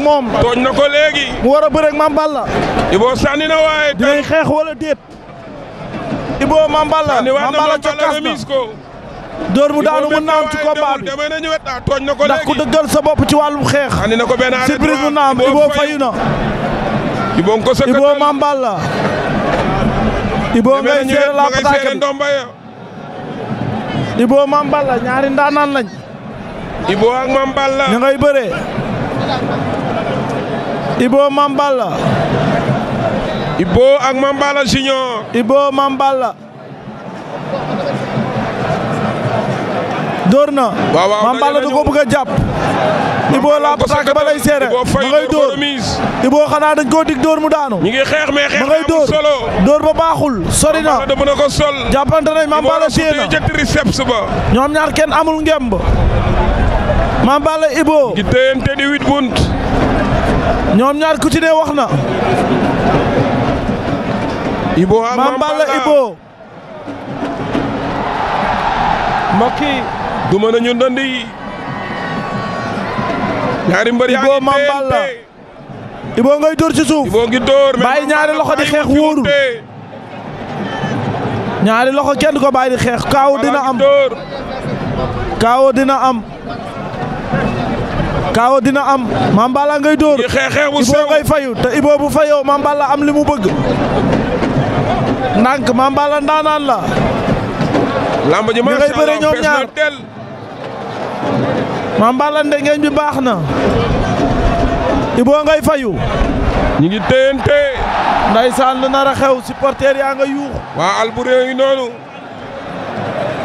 moom tooñ na ko léegi mu war a bëre ak Mame Balla Ibo sànni waaye dinañ xeex wala déet Ibo Mame Balla Mame Balla ca kas dóor mu daanu mën naa am ci combat bi ndax ku dëggal sa bopp ci wàllum xeex. andi ko benn arrêt surprise mën naa am Ibou fayu na. Ibou ko sëkkatal Ibou Mambal la. Ibou ngay séeréer la pataaka bi lañ. Ibou ak Mambal la ñu ngay bëree. Ibou Mambal la. Ibou ak Mambal la junior. Ibou Mambal la. dóor na. waaw waaw Mame ko bëgg a jàpp. Ibo la pataak ba lay seere ma ngay dóor Ibo xanaa dañ koo dig dóor mu daanu. ma ngay dóor dóor ba baaxul sori na. jàppante nañ Mame Balla téye na ñoom ñaar kenn amul ngemb. Mame Balla Ibo. ku ci wax duma nañu ndandi ñaari mbër yaa ngi Ibou Mame Balla Ibou ngay dóor ci suuf Ibou ngi bàyyi ñaari loxo di xeex wóorul ñaari loxo kenn ko bàyyi di xeex kaaw dina am kaaw dina am kaaw dina am Mame ngay dóor Ibou ngay fayu te Ibou bu fayoo Mame Balla am li mu bëgg ndànk Mame Balla ndaanaan la lamb ji ma ngay bëre ñoom ñaar Mame Balla ndengeeñ bi baax na Ibou ngay fayu ñi ngi téyante ndaysaan lu nar a xew supporter yaa nga yuux waa Alboury a ngi noonu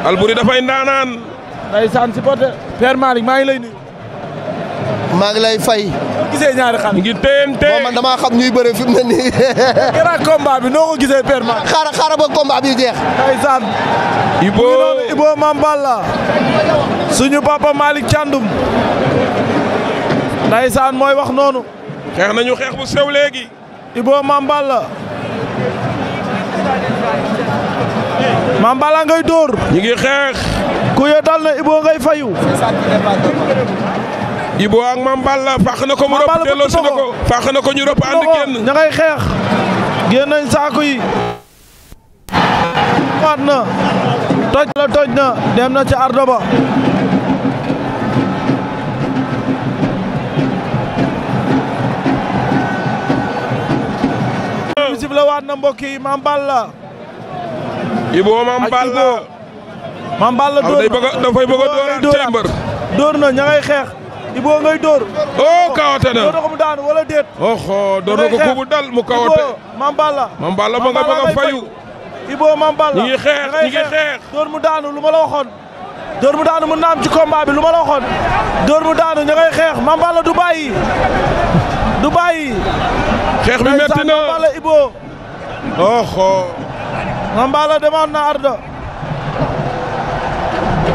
Alboury dafay ndaanaan ndaysaan supporter Père Malick maa ngi lay nuyu maa ngi lay fay. gisee ñaari xale. ngi TNT bon man damaa xam ñuy bëre fi mu ne nii. gannaaw [laughs] combat bi noo ko gise père ma. xaaral xaaral ba combat bi jeex. ndeysaan. Ibo Ibo Mamballa. suñu papa Malick Thiandoum. ndeysaan mooy wax noonu. xeex nañu xeex bu sew léegi. Ibo Mamballa. Mamballa ngay dóor. ñu ngi xeex. ku ye na Ibo ngay fayu. Ibo ak Mame Balla fàq na ko mu rëpp delloo na ko fàq na ko ñu nañ saako yi waat na tooj la toj na dem na ci ardo ba bisib na mbokk yi Mame xeex Ibou ngay dóor. oh kawate na dóor na ko mu daanu wala déet. oho dóor na ko kubu dal mu kawate. Ibou Mamballa. Mamballa ma nga ma nga fayu. Ibou Mamballa. ñi ngi xeex ñi ngi xeex. dóor mu daanu lu ma la waxoon. dóor mu daanu ña ngay xeex Mamballa du bàyyi. du bàyyi. xeex bi métti na Mamballa Ibou. oho. Mamballa demoon na Ardo.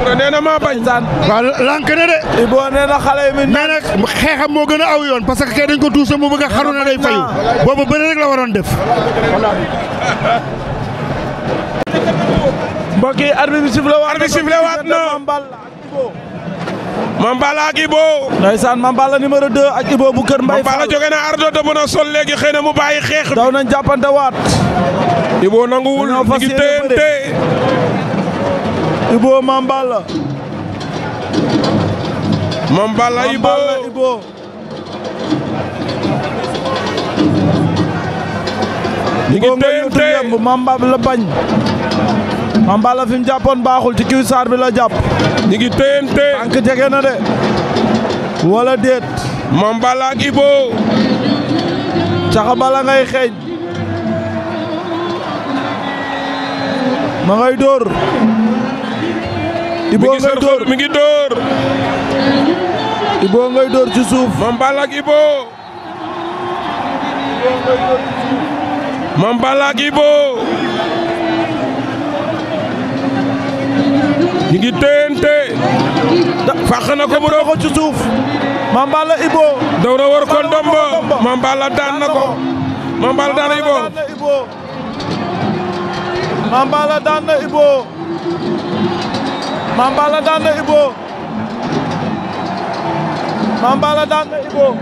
Ibra nee na maa bañ. de. Ibo nee na xale yi muy. nee na xeexam moo gën a aw yoon parce que kay dañ ko tuuse mu bëgg a xaru na day fayu boobu bëri rek la waroon def. mbokk yi arbitre bi sifflé waat na Mame Balla ak Ibo ndeysaan Mame ak Ibo bu kër Mbaye Mame Balla jóge na a sol léegi xëy na mu bàyyi xeex daw nañ jàppante waat Ibo nanguwul ñu ngi téyante Ibo Mame Balla Mame Balla Ibo Ibo ñu ngi teyante yëpp Mame bañ Mame Balla fi mu jàppoon baaxul ci kiw saar bi la jàpp ñu ngi teyante tànk jege na de wala déet Mame Balla ak caxa bala ngay xeeñ ma ngay dóor Iboo ngay door mi ngi door. Iboo ngay door ci suuf. Iboo. Mame Iboo. ñu ngi téyente. fàq na ko ko ci suuf. Mame Iboo. daw war ko ndombo Mame daan na ko. Mame daan Iboo. Mame Balla daan na Ibo Mame Balla daan na Ibo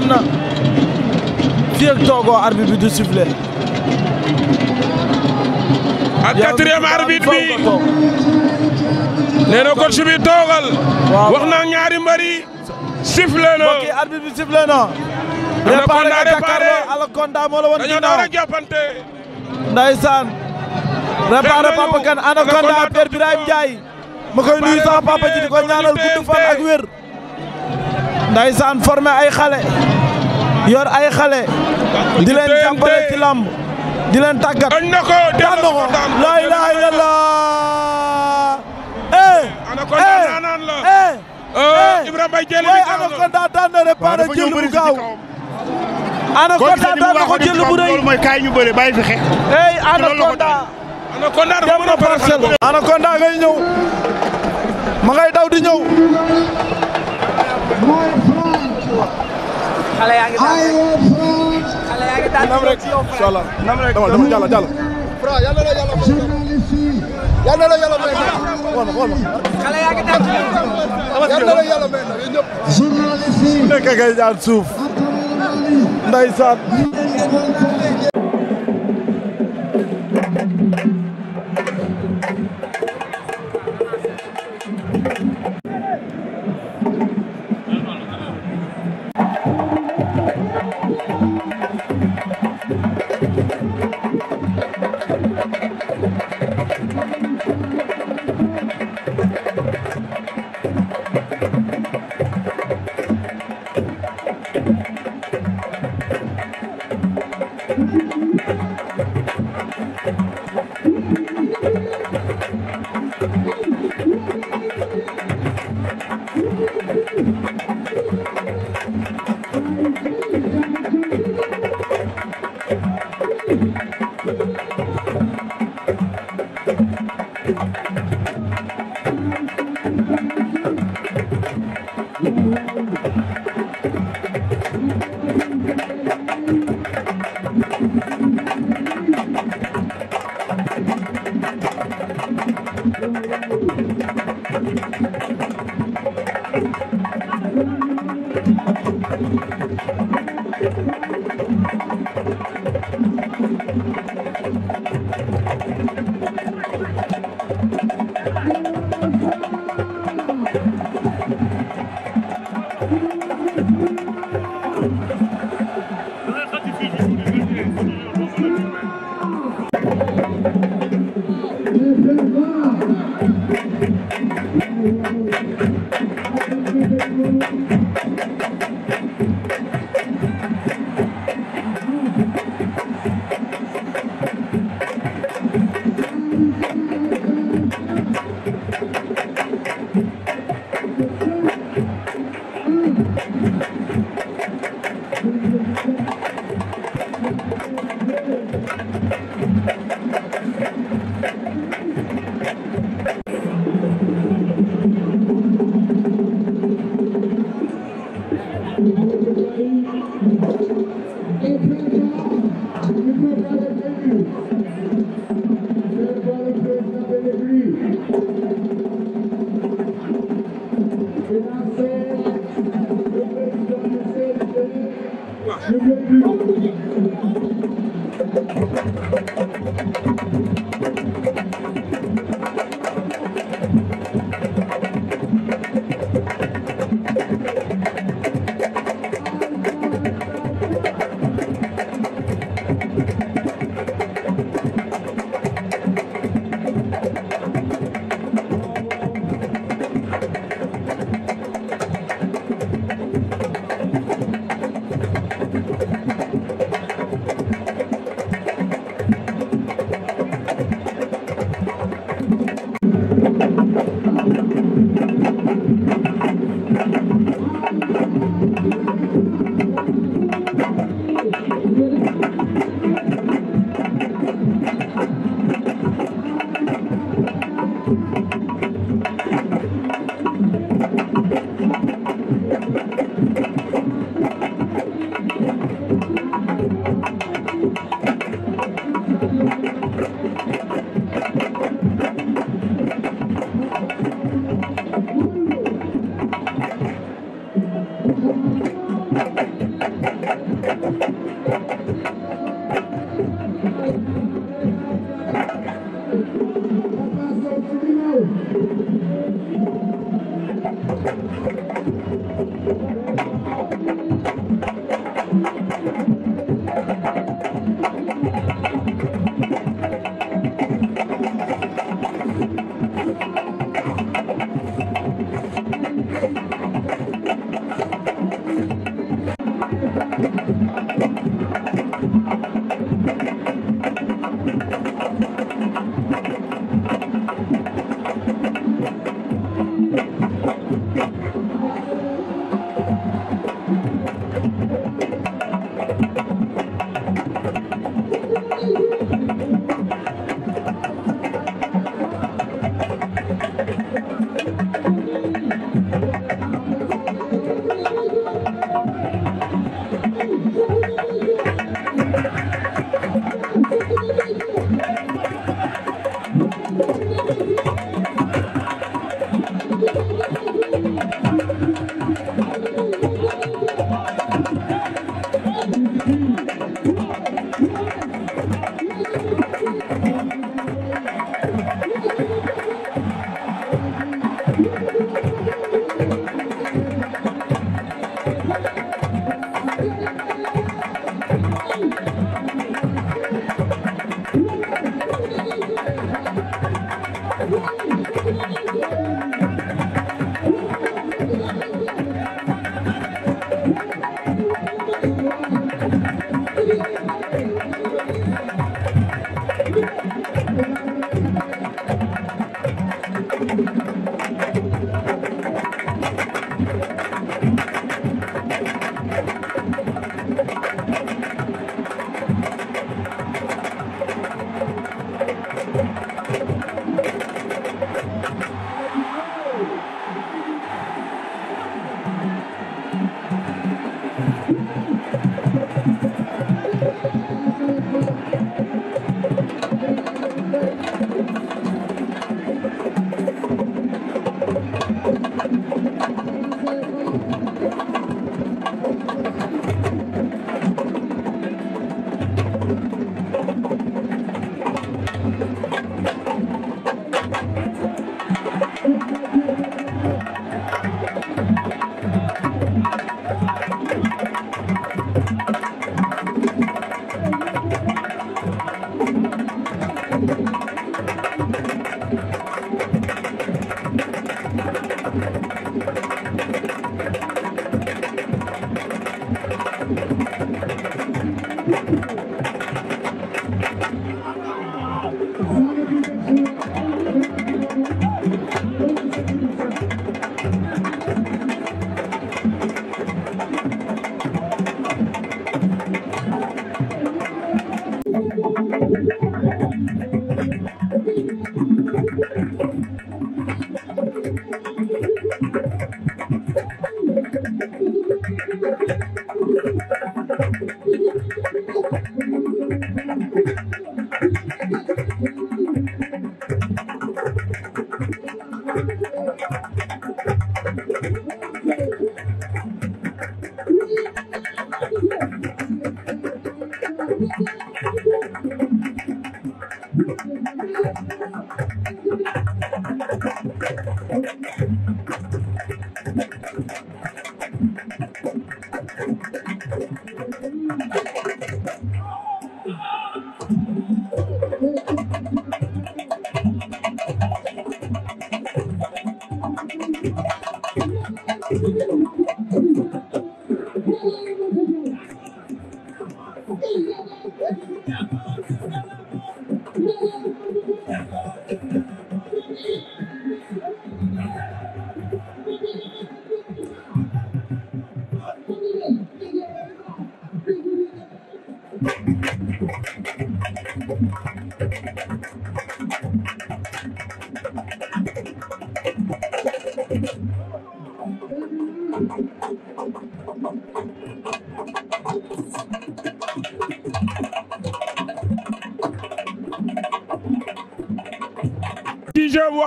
dem na fii ak toogoo arbitre wax na ñaari mbari sifflé na mbokk yi arbitre bi sifflé na. réparé réparé Anaconda moo la woon ginnaaw dañoo door a jàppante. Ndeysaan. réparé Papa Kane Anaconda Père Birahim Ndiaye. ma koy ji di ko ñaanal gudd fan ak wér. ndaysaan formé ay xale yor ay xale di leen jàppale ci làmb di leen tàggat daan na ko laa ilaaha illallaah eh eh eh, oh, eh Ibrahima Mbaye jël bi Anaconda na réparé gaaw Anaconda daan na ko jël bu rëy mooy kaay ñu bëre bàyyi ngay ñëw ma ngay daw di xale yaa ngi tànn rek inshallah nam rek dama dama jàll jàll fra yàlla la yàlla yàlla la yàlla may xool xool xale yaa ngi tànn yàlla la yàlla may ñëpp journaliste nekk ngay jaar suuf ndeysaan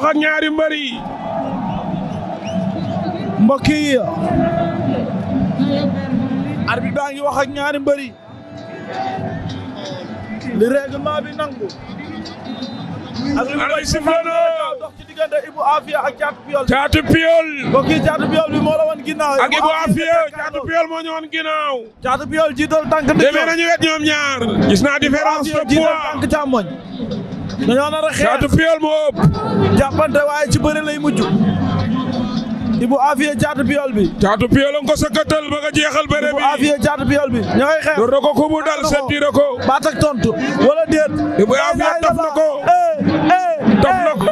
wax ak ñaari mbër yi mbokk yi arbitre baa ngi wax ak ñaari mbër yi li règlement bi nangu ak li bay sifflé na dox ci diggante Ibou Afia ak Caatu Piyol Caatu Piyol mbokk yi Caatu Piyol bi moo la woon ginnaaw ak Ibou Afia Caatu Piyol moo ñu woon ginnaaw Caatu Piyol jiital tànk demee nañu wet ñoom ñaar gis naa différence de poids tànk càmmoñ dañoo nar a xeex Caatu Piyol moo ëpp. jàppante waaye ci bëri lay mujj. Ibou Afia Caatu Piyol bi. Caatu Piyol nga ko sëkkatal ba bëre bi. Ibou Afia Caatu Piyol bi ña ngay xeex. door na ko kubu dal sentira ko. baat tontu wala déet. Ibou Afia taf ko. taf ko.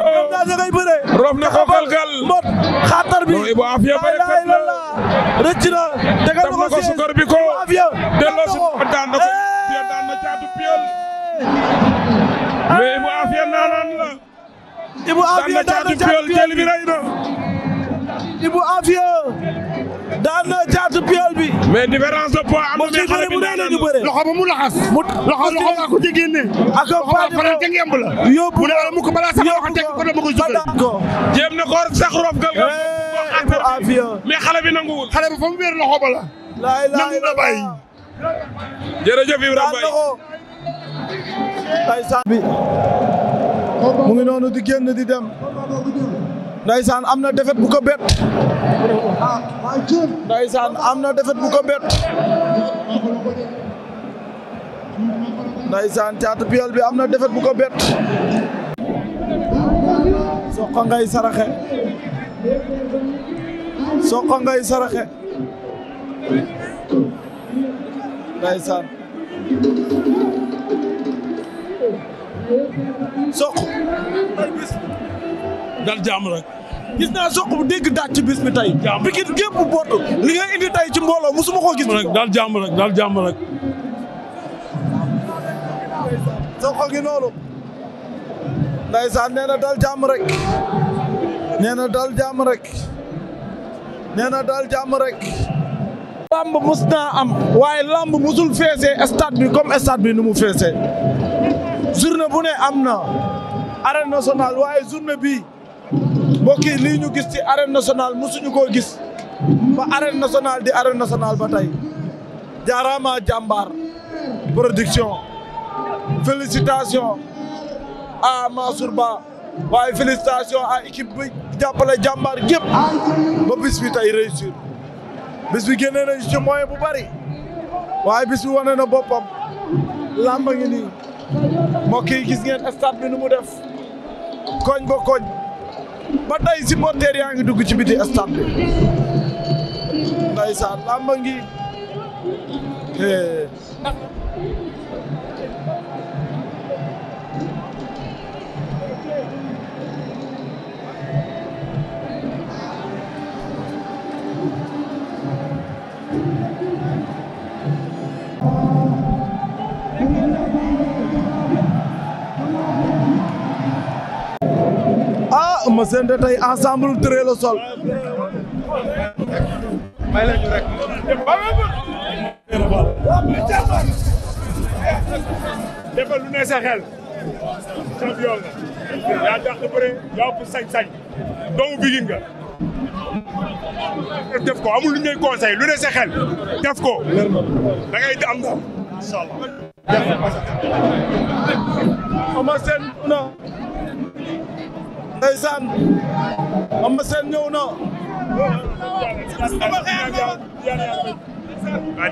roof ko galgal. bi. Ibou Afia bëri kat la. rëcc na tegal na ko bi ko. Afia daan na caatu piol bi rey na. Ibou Afia daan na caatu piol bi. mais différence de poids am na xale bi daan loxo ba mu laxas. mu loxo loxo ba ko ci génne. accompagnement yóbbu la yóbbu la mu ko balaa sax wax teg ko dama koy jógal. jéem na ko sax rof gal gal. Eh, Ibou Afia. mais xale bi nanguwul. xale bi fa mu wéer loxo ba la. laay laay nangu la bàyyi. jërëjëf Ibrahima Baye. mu ngi noonu di génn di dem ndaysaan am na defet bu ko bett ndaysaan am na defet bu ko bett ndaysaan Caatu Puyol bi am na defet bu ko bett soqa saraxe soqa saraxe ndaysaan soq dal jàmm rek gis naa soq bu dégg daaj ci bis bi tey pikit gépp bott li nga indi tey ci mbooloo musuma koo gis rek dal jàmm rek dal jàmm rek nee na dal jàmm rek nee na dal jàmm rek nee na dal jàmm rek lamb mus naa am waaye lamb musul feesee stade bi comme stade bi nu mu feesee journée bu ne am na arène nationale waaye journée bii mbokk yi lii ñu gis ci arène nationale mosuñu koo gis ba arène nationale di arène nationale ba tey jaaraama jàmbaar production félicitation à Mansour Ba waaye félicitation à équipe bi jàppale jàmbaar yëpp ba bis bi tey réussir bis ci moyen bu bari waaye bis bi wane na ngi nii mbokk gis ngeen stade bi nu mu def koñ ba koñ ba tey supporters yaa ngi dugg ci biti stade bi ndaysaan làmba ngi Eumeu Sène de tey ensemble tëree le sol. defal lu ne sa xel champion nga yaa dàq yaa ëpp sañ doomu Pikine nga def ko amul lu ñuy conseil lu ne sa def ko da ngay am ndam inshallah na ndeysaan am na seen ñëw na. waaw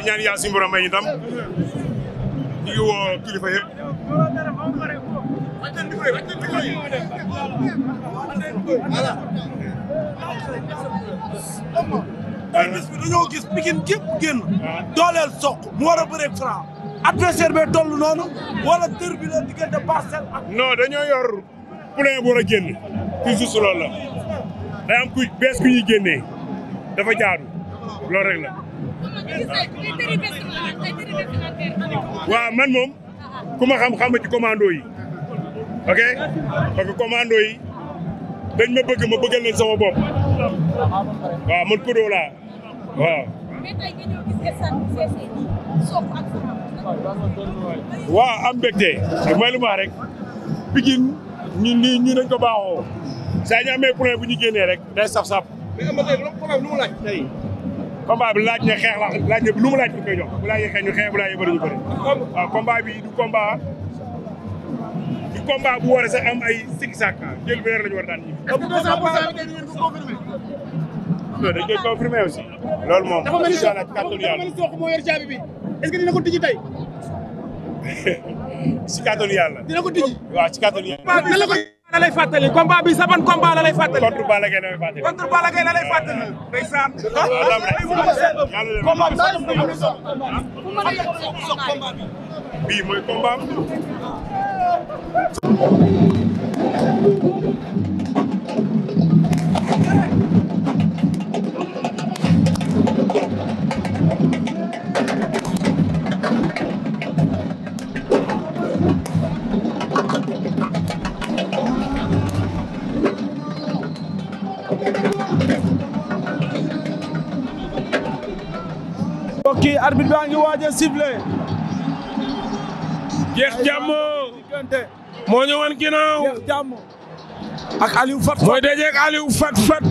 ñaan yàlla suñu borom may ñu tam woo kilifa yëpp. tey bis bi gis Pikine gépp génn dooleel soq mu war a bëreeg Franc adversaire bee toll noonu wala tër bi la diggante dañoo yor. poulain bu war a génn toujours su loolu la day am ku bees ku ñuy dafa jaadu loolu rek la. waaw man moom ku ma xam xam ci commando yi ok parce que commando yi ma bëgg ma bëggal leen sama bopp waaw man Codou laa waaw. waaw am mbégte mooy lu ma rek Pikine ñun lii ñu dañ ko baaxoo saa ñu amee bu ñu génnee rek day saf-saf. laaj tey. xeex la laaj na lu mu laaj ñu koy jox bu laajee xeex ñu ñu bëri. waaw combat bi du combat du combat bu war a sax am ay sikki sàkka jël bi la ñu daan ñu. est-ce que 200% bi loolu moom incha allah moo yor caabi bi [laughs] si kàttanu yàlla. dina ko tijji waaw si kàttanu yàlla. waaw nan la ko la lay fàttali combat bi sa ban combat la lay fàttali. contre Balla Gaye la lay fàttali. contre Balla Gaye la lay fàttali. ndeysaan. Ah, combat bi sax am na solo bi. mooy combat am. arbitre baa ngi waaj a sifflé. jeex jàmm moo ñëwoon ginnaaw ak Aliou Fat Fat mooy dajeeg Aliou Fat Fat. Fat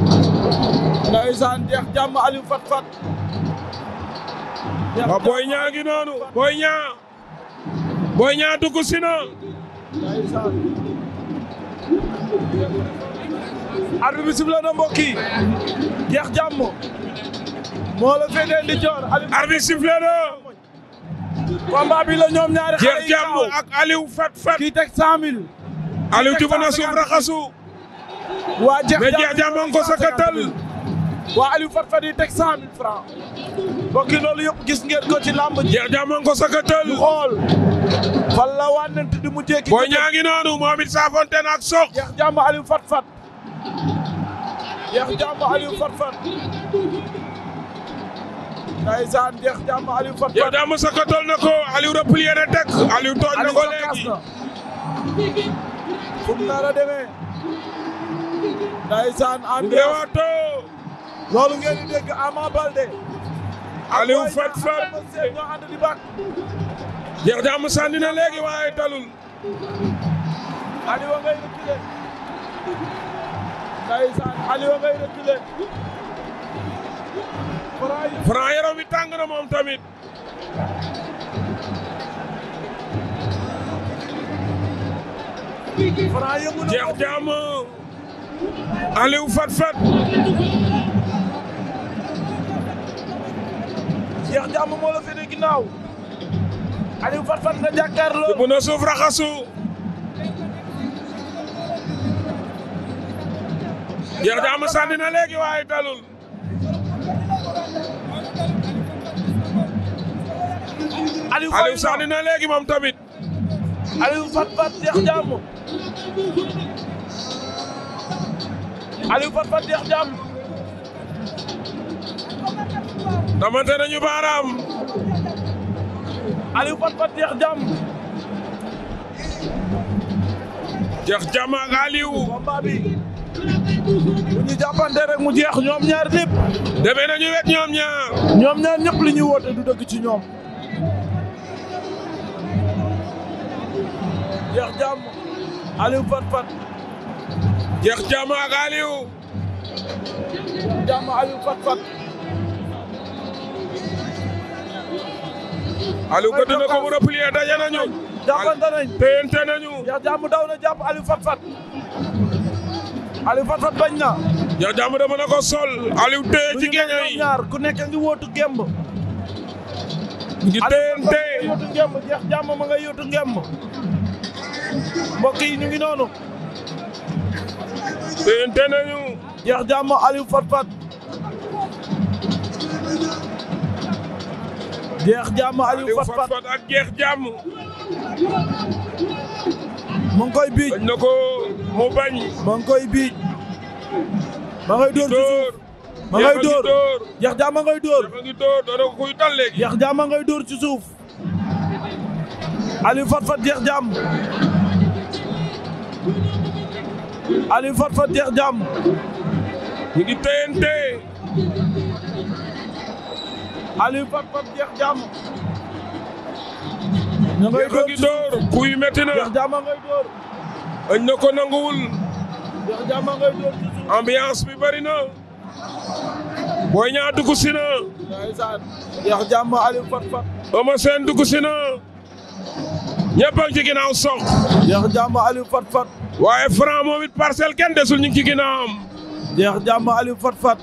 Fat. booy ñaa ngi noonu booy ñaa booy ñaa dugg si na. arbitre bi moo la féetee ndi joor. arbitre sifflé na. combat bi la ñoom ñaari xale yi jàmm ak Aliou Fat Fat. kii teg 100000. Aliou jubu na suuf raxasu. waa jeex mais jeex jàmm nga ko sakatal. waa Fat Fat yi teg 100000 francs. mbokk yi loolu yëpp gis ngeen ko ci làmb jeex jàmm nga ko sakatal. xool fan la wànnante di mu jékki. boo ñaa ngi Fat Fat. ndeysaan jeex jàmm Aliou Fat yow daa mos a ko tol na ko Aliou replié na teg Aliou tooñ na ko léegi fu mu a demee ndeysaan ande wato loolu ngeen di dégg Ama Baldé Aliou Fat Fat ñoo di bak jeex daa mos andi na léegi waaye talul Aliou ngay reculé ndeysaan Aliou Franc yaram wi tàng na moom tamit. Jeex Jaam Aliou Fat Fat. Jeex Jaam moo la féetee ginnaaw. Aliou Fat Fat nga jàkkaarloo. bu na suuf raxasu. Jeex Jaam sànni na léegi waaye dalul. Aliou Aliou na léegi moom tamit. Aliou Fat Fat Jeex Jàmm. Aliou Fat Fat Jeex Jàmm. damante nañu Jeex Jàmm. Jeex Jàmm ak Aliou. ñu jàppante rek mu jeex ñoom ñaar ñëpp. demee nañu wet ñoom ñaar. ñoom ñaar ñëpp li ñuy woote du dëgg ci ñoom. jeex jàmm Aliou Fat jeex jàmm ak Aliou. jàmm Aliou Fat Fat. Aliou gëdd na ko mu replier daje nañu. jàppante nañu. jeex jàmm daw na jàpp Aliou bañ na. jeex jàmm dama na ko sol. Aliou téye ci ku nekk ngi wóotu gemb. ngi téyante Aliou Fat Fat ma jeex jàmm ma nga yóotu ngemb. mbokk yi ñu ngi noonu. déedéet nañu. jeex jàmm Aliou Fat Fat. jeex jàmm Aliou Fat Fat ak jeex jàmm. mu koy biij. na ko mu bañ. koy biij. ma ngay dóor ci suuf ma ngay dóor jeex jàmm ma ngay dóor. jeex jàmm ma ngay dóor ci suuf. Aliou Fat Fat jeex jàmm. Aliou Fat Fat Jeex Jàmm ñu ngi téyante Aliou Fat Fat Jeex Jàmm ñu ngay ko ngi dóor kuy metti na Jeex Jàmm ngay dóor añ na ko nanguwul Jeex Jàmm ngay dóor ambiance bi bari na Boy Niang dugg si na Jeex Jàmm Aliou Fat Fat Eumeu na ñëpp a ngi ci ginnaaw Sokh. Jeex Jàmba Aliou Fat Fat. waaye Franc moom it parcelle kenn ñu ngi ci ginnaawam. Jeex Jàmba Aliou Fat Fat.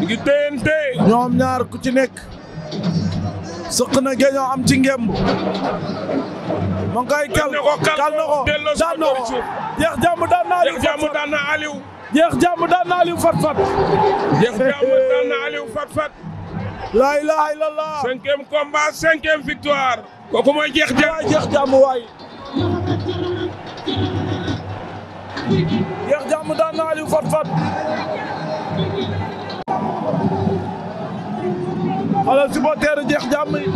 ñu ngi téyante. ñoom ñaar ku ci nekk. sëq na am ci ngemb. ma ngi koy kal kal na Jeex Jàmba daan na Aliou Jeex Jàmba daan na Aliou. Fat Fat. Jeex Jàmba daan na Aliou Fat Fat. laa ilaha illallah. cinquième combat cinquième victoire. kooku mooy jeex jàmm waay jeex jàmm waay. jeex jàmm daan na Aliou Fat Fat. xoolal supporter jeex jàmm yi.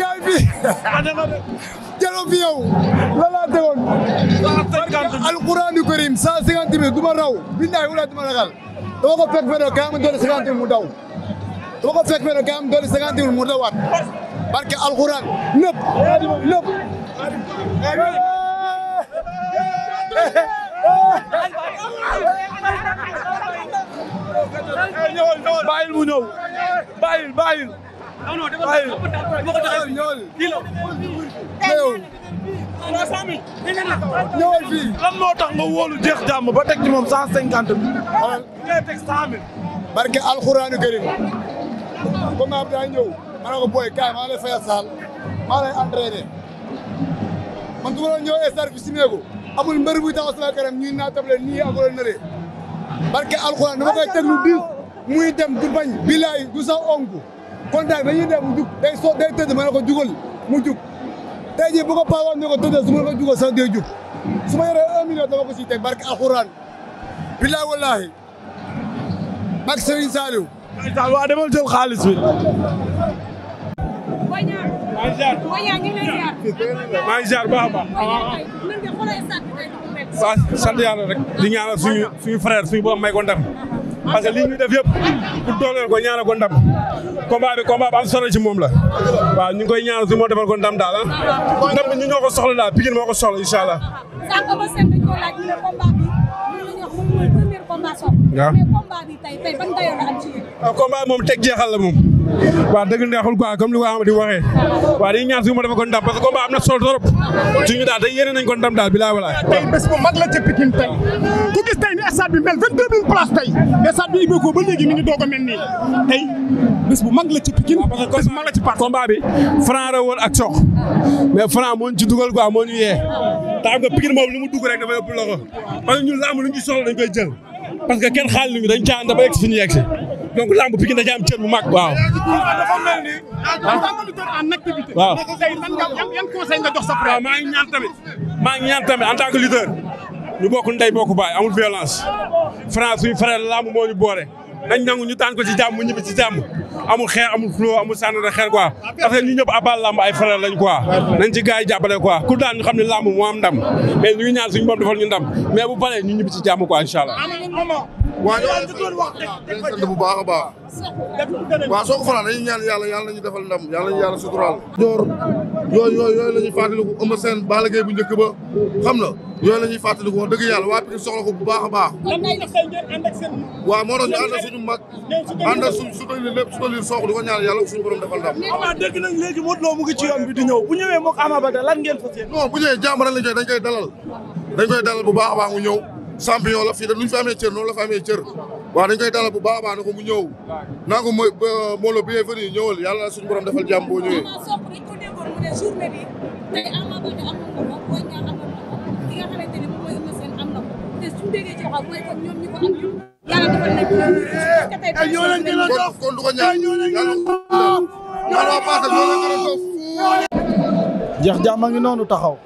tey [laughs] bi. jëloon fi yow lan laa tegoon. alxuraanu karim 150 mille du ma raw. billahi wala du ma ragal. dama ko fekk feneen kayam doole 50 mille mu daw. dama ko fekk feneen kayam doole 50 mille mu dawaat. parce que alxuraan lépp lépp. ñëw. ñëwal lan moo tax nga wóolu jeex jàmm ba teg ci moom cent cinquante mille. xoolal ngay teg cent mille. barke alxuraanu karim. comme maa daa ñëw. ma ne ko booy kaay maa lay fayal saal. maa lay entraîné. man du ma la ñëw stade ko. amul mbër buy taxaw sama kanam ñuy naa table nii ak nële. barke alxuraan dama koy teg lu diis. muy dem du bañ. bilaay du sa onk. kontaan dañuy dem mu jug day tëdd ma ko jugal mu jug. tey jii bu ko Paa woon su ma la ko jugee sax day jug su ma yoree un million dama ko siy teg barke alxuraan. billaay wallaahi. barke Serigne Saliou. waaw demal jël xaalis bi. maa ngi jaar maa ngi jaar. maa ngi jaar baax a baax. sant yàlla rek may ko parce que li ñu def yëpp pour dooleel ko ñaanal ko ndam combat bi combat bi am solo ci la waaw ñu ngi koy ñaanal su moo defal ko ndam daal ah ndam bi ñu ñoo ko soxla daal Pikine moo soxla incha allah. waaw combat ah. ah, teg jeexal la moom. waaw dëgg neexul quoi comme li ko Amady waxee waaw dañuy ñaan suñu ma dafa ko ndam parce que combat am na solo trop suñu daal day yéene nañ ko ndam daal bi laa walaay tey bés bu mag la ca Pikine tey ku gis tey ni stade bi mel vingt deux mille place tey stade bi ibekoo ba léegi mi ngi doog a mel nii tey bés bu mag la ci Pikine bés bu mag la ci par combat bi Franc la woon ak Sokh mais Franc moo ñu ci dugal quoi moo ñu yee taam nga Pikine moom lu mu dugg rek dafay ëpp loxo parce que ñun la am lu ñu ci soxla dañ koy jël parce que kenn xaalis bi dañ caa ànd ba donc lamb Pikine da cee bu mag waaw. en maa ngi ñaan maa ngi ñaan en tant que lutteur ñu bokk ndey bokk baay amul violence France suñu lamb moo ñu boole. nañ nangu ñu daan ko ci jàmm mu ñibbi ci jàmm amul xeer amul xuloo amul sànnate xeer quoi parce que ñu ñëpp abal lamb ay frère lañ quoi nañ ci gars yi jàppale quoi xam ne lamb moo am dam mais ñu ngi ñaan suñu bopp defal ñu dam mais bu paree ñu ñibbi ci jàmm quoi incha allah. waaw ñu waaw soo ko faral dañuy ñaan yàlla yàlla nañu defal ndam yàlla nañu yàlla suturaal. door yooyu yooyu yooyu la ñuy fàttaliku Eumeu Sène Balla Gaye bu njëkk ba xam na yooyu la ñuy fàttaliku wax dëgg yàlla waa Pikine soxla ko bu baax a baax. waaw moo tax ñu ànd mag ànd ak suñ soutenir lépp soutenir Sokh di ko ñaan yàlla suñu borom defal ndam. waaw dégg nañ léegi Modou Lo mu ngi bi di ñëw bu ñëwee moog Ama Baldé lan ngeen fas yéene. non bu ñëwee jàmm rek lañ koy dalal dañ koy dalal bu baax a baax mu ñëw champion la fii da luñ fi amee cër noonu la amee cër waaw dañ koy dalal bu baax a baax na ko mu ñëw naa ko Mawlo bienvenue ñëwal yàlla suñu borom defal jàmm boo ñëwee. kon kon du ko ñaan yàlla. jeex jàmm a ngi noonu taxaw.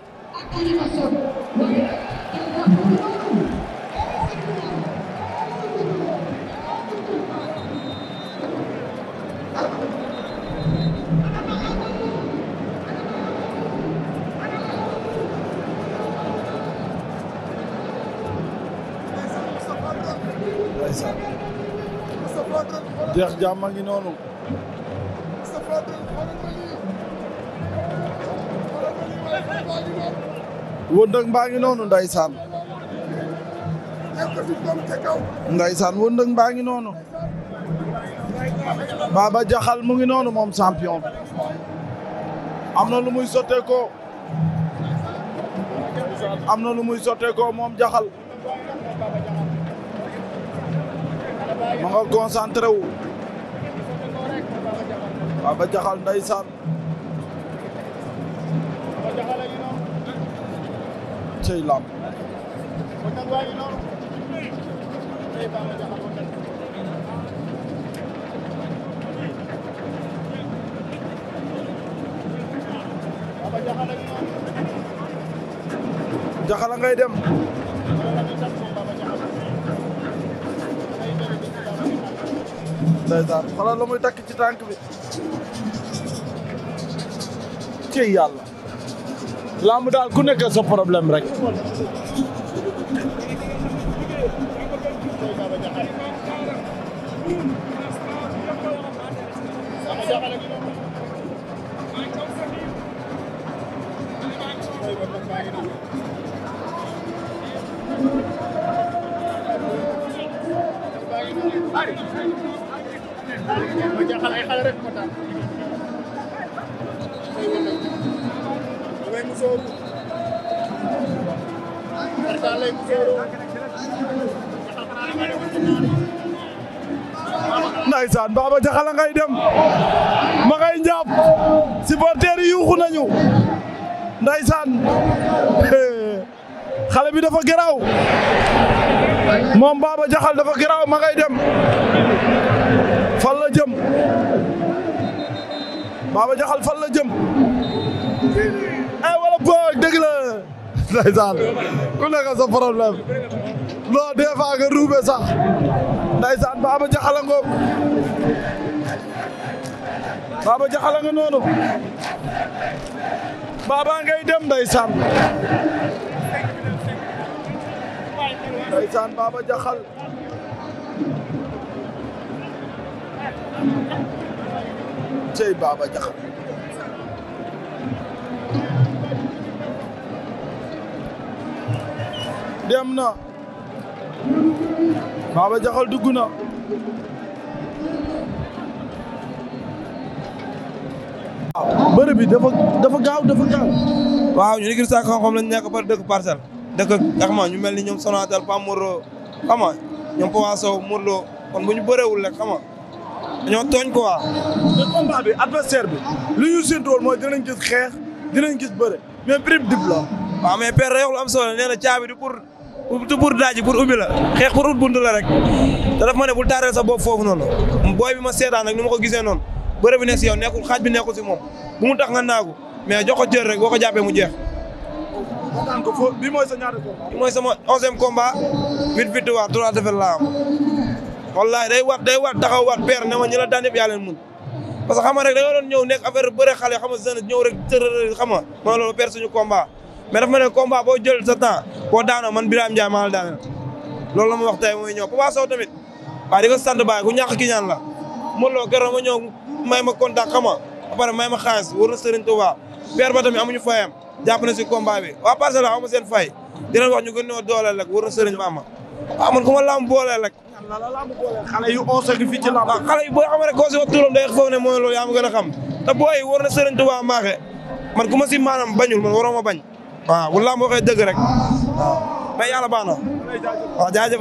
Cheikh Diam a ngi noonu. wëndëg mbaa ngi noonu ndeysaan. ndeysaan wëndëg mbaa ngi noonu. Baba Jaxal mu ngi noonu moom champion am na lu muy sotteekoo. am na lu muy sotteekoo moom Jaxal. ma nga concentré wu. Baba Jaxal ndeysaan cey lam jaxala ngay dem ndeysaan xoolal la muy takk ci tànk bi cey yàlla làmb daal ku nekk sa problème rek xale bi dafa garaaw moom Baba Jaxal dafa garaaw ma dem fan la jëm Baba Jaxal fan la jëm ay eh, wala boog dëgg la ndeysaan ku nekk sa problème non des fois nga ruube sax ndeysaan Baba noonu Baba ngay dem ndeysaan ndeysaan Baba Jaxal cey Baba Jaxal dem na Baba Jaxal dugg na waaw bërëb bi dafa dafa gaaw dafa gaaw waaw ñu ngi gis sa xam-xam lañ nekk par dëkk parcelle dëkk ak ma ñu mel ni ñoom Sonatel Pape Morlo xam nga ñoom Papa Sow Morlo kon bu ñu bëreewul rek xam nga dañoo tooñ quoi. mais combat bi adversaire bi li ñu séntu woon mooy dinañ gis xeex dinañ gis bëre mais prime dib la. waaw mais père rek lu am solo nee na caabi du pour du pour daaji pour ubbi la xeex pour ut la rek te ma ne bul taareel sa boo foofu noonu booy bi ma seetaan rek ni ma ko gisee noonu bëre bi ne si yow nekkul xaaj bi nekkul si moom bu mu tax nga naagu mais jox ko jël rek ko jàppee mu jeex. daan ko mooy sa ñaata combat. bii mooy sama onzième combat. huit victoires trois défaites laa am. wallaahi day wat day wat taxaw wat peer ne ma ñi la daan yëpp yaa leen mun. parce que xam nga rek dañoo doon ñëw nekk affaire bëre xale xam nga jeune ñëw rek tërërër xam nga ma loolu perte suñu combat. mais dafa ma ne combat boo jël sa temps boo daanoo man Birame Ndiaye maa la daane la ma wax tey mooy ñëw Papa Sow tamit waaye di ko sant baay ku ñàkk ki ñaan la Modou Lo keroog ma ñëw may ma contact xam nga ba pare may ma jàpp na si combat bi waa parcelle la xawma seen fay di leen wax ñu gën ñoo dooleel rek war na sëriñ Bamba waaw man ku ma lamb booleel rek xale yu on segi fii ci lamb xale yu boo xam rek koo si wax turam day ne mooy loolu yaa gën a xam te booy war na sëriñ Tuubaa maaxe man ku si maanaam bañul man waroo bañ waaw bu lamb dëgg rek waaw mais yàlla baax na waaw jaajëf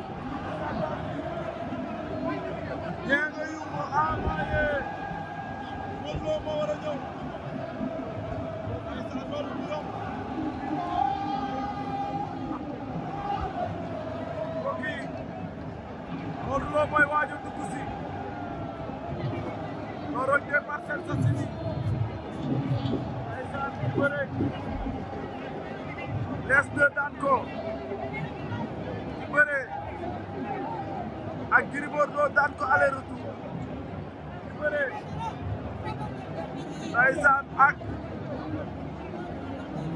ñaa nga yuuxu amaye Modou Lo moo war a ñëw ndeysaan loolu du yomb mbokk yi Modou Lo mooy waaju dugg si loroñ des Parcelles Assainies ndeysaan bu bëre les deux daan ko bu bëre ak Gris Bordeaux daan ko aller retour di bëre ndeysaan ak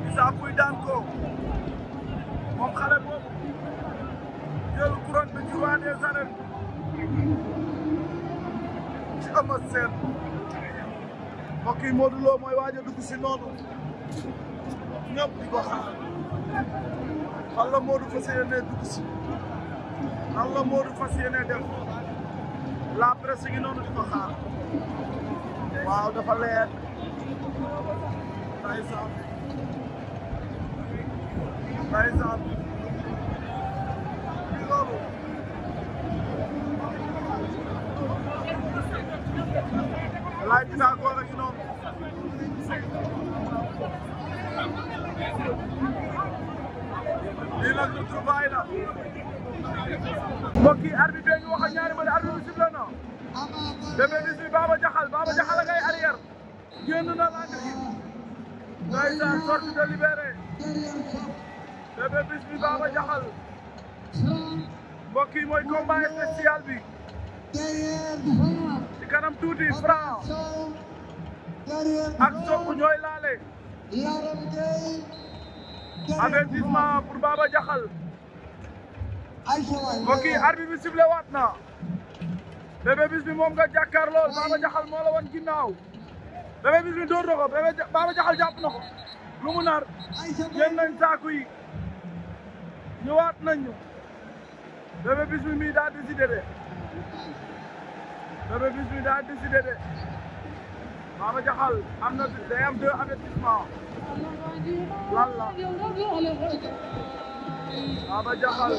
Issa Pouye daan ko moom xale boobu jël couronne bi ci roi ci Eumeu Sène mbokk yi Modou Lo mooy noonu ñëpp di ko xam fan la Modou fas lan la Modou fas yéene def la presse gi noonu di ko xaar waaw dafa leer ndeysaan ndeysaan loolu laaj bi daa góor a gi noonu lii nag lu trouvaille la mbokk yi arbitre bi ñu wax ak ñaari mbër arbitre bi sifflé na demee di si Jaxal Baba Jaxal ngay arrière na lànk gi ndeysaan sorti de libéré demee Jaxal mbokk yi mooy combat spécial bi ci kanam tuuti Franc ak Sokh ñooy laale avertissement pour Baba Jaxal mbokk yi arbitre bi sifflé waat na Bébé Bismi moom nga jàkkaar lool Baba Jaxal moo la ginnaaw Bébé Bismi dóor na ko jàpp na ko lu mu nar yéen nañ saaku yi ñëwaat nañu Bébé Bismi daa décidé de Bébé Jaxal am na day am deux avertissement lan Baba Diakhal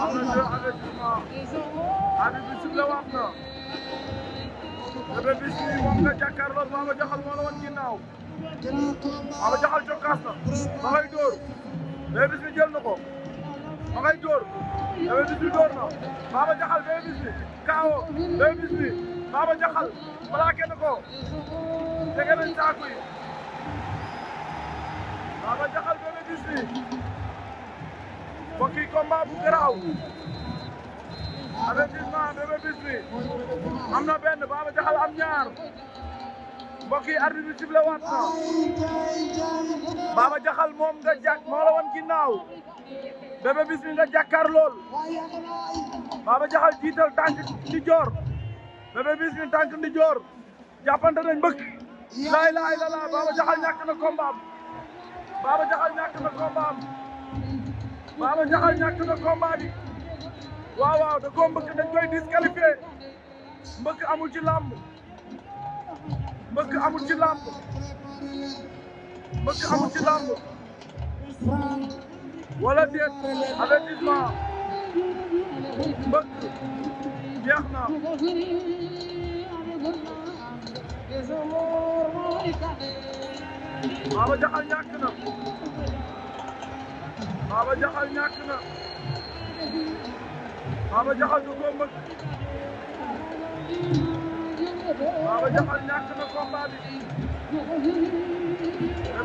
am na deux avertissement arbitre bi sifflé waat Baba Diakhal moo la woon ginnaaw Baba Diakhal jokkaas na ma ngay dóor jël na ko ma ngay dóor Bébé Bismi dóor na Baba Diakhal Bébé Bismi kaawo Bébé Bismi Baba mbokk yi combat bu garaaw avertissement Bébé Bismi am Jaxal am ñaar mbokk yi arbitre bi moom nga jàkk moo la woon ginnaaw Bébé nga jàkkaar lool Baba Jaxal jiital tànk di joor Bébé Bismi tànk di joor jàppante nañ mbëkk laa ilaaha illallaah Baba Jaxal ñàkk na combat Jaxal ñàkk na Mama Diakhal ñàkk na combat bi waaw waaw da koo mbëkk dañ koy disqualifié mbëkk amul ci làmb mbëkk amul ci làmb mbëkk amul ci làmb wala déet avertissement mbëkk jeex na Mama Baba Jaxal ñàkk na Baba Jaxal du ko mbëgg Baba Jaxal ñàkk na combat bi Bébé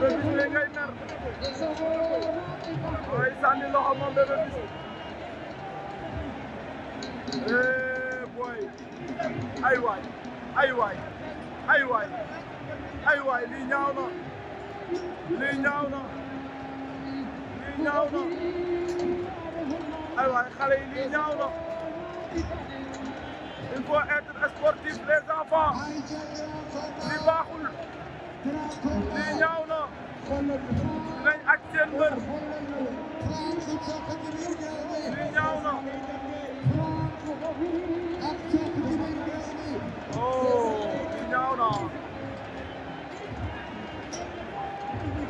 Bis li ngay mer mooy sànni loxo moom Bébé eh, boy ay waay ay waay ay waay ay waay lii ñaaw na lii lii ñaaw na ay waay xale yi lii ñaaw na il faut être sportif les enfants li baaxul lii ñaaw na nañ ak seen mbër lii ñaaw na oh lii ñaaw na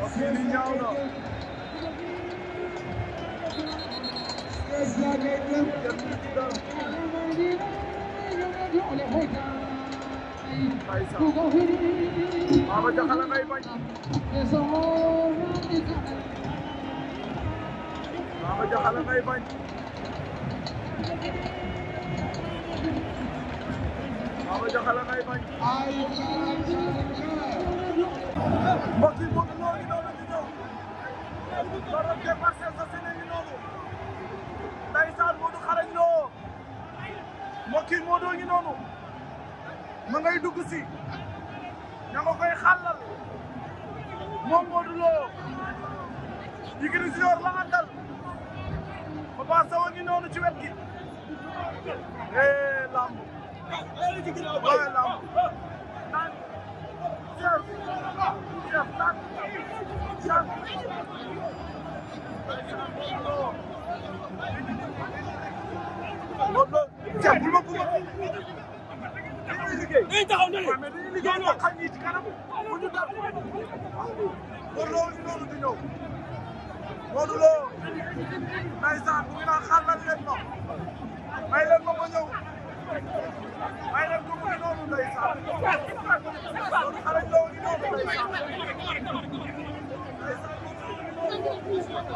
ok lii ñaaw na Baba Jaxal ngay bañ Baba Jaxal ngay bañ Baba Jaxal ngay bañ mbokk yi mbokk yi Modou ngi noonu ma ngay dugg si ña nga koy xàllal moom Modou Lo Yékini Junior la àndal Papa Sow a noonu ci wet gi eh lamb waaye lamb naan ceeb ceeb bul ma bul ma. dañuy taxaw ne leen. non non xam ni ci kanam bu ñu dal. war loo ñu noonu di ñëw. Modou Lo. ndeysaan mu ngi naan xaaral leen ma. may leen ma ma ñëw. may leen ko mu ngi noonu ndeysaan. loolu xale ñu doon di noonu ndeysaan. ndeysaan moom mu ngi noonu.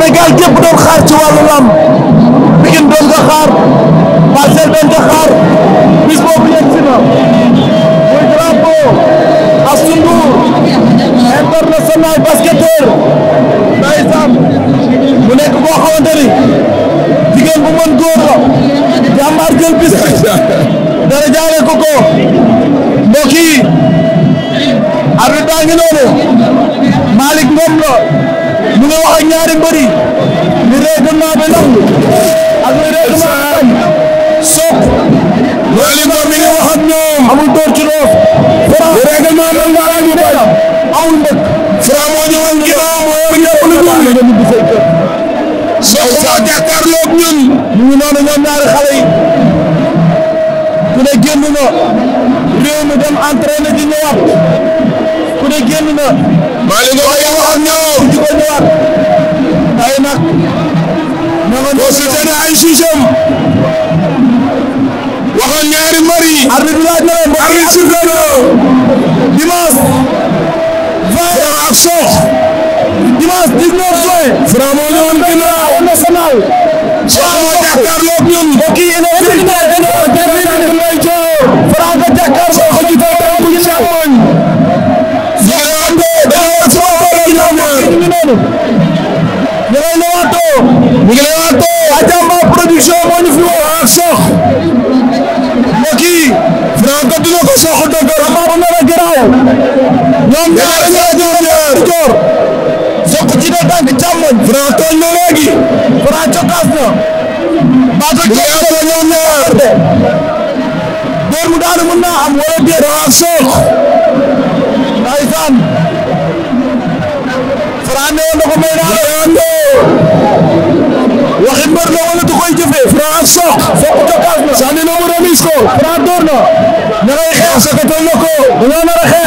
Sénégal gépp doon xaar ci wàllu lamb Pikine doon ko xaar Parcelles doon ko xaar bis boobu yegg si na muy drapeau Astou Ndour international basketteur ndeysaan mu nekk koo xamante ni jigéen bu mën góor la jàmbaar jël bis dara jaare ko ko mbokk yi arbitre baa ngi mu ngi wax ak ñaari mbëri li règlement bi nangu ak li règlement bi bañ soog loolu mi ngi wax ak ñoom amul door ci roof yi. arbitre bi laaj na leen mbokk yi arbitre dimanche. vingt ak sox. dimanche dix neuf juin. Franc moo ñëwoon ginnaaw national. sox moo jàkkaarloog ñun. mbokk yi yéen a ngi lay jox. Franc nga jàkkaarloog ko jiite bu càmmoñ. ñu ngi lay waatoo. ñu ngi lay waatoo. Adiamba production moo ñu fi woo ak ah, sox. kii Franco dina ko sox dëgër xam nga dina garaaw ñoom ñaar ñoo ñoo ñaar joor sokku ci na tànk càmmoñ Franco tooñ na léegi Franco cokaas na baata joor la ñoom ñaar de door mu daanu mën naa am wala déet daa am soox ndeysaan Franco nee na ko may naa la waxi mbër la wala du koy jëfee Franco sox sokku cokaas na sànni na gis ko Franc door na na ngay xeex sokatoo na ko dañoo nar a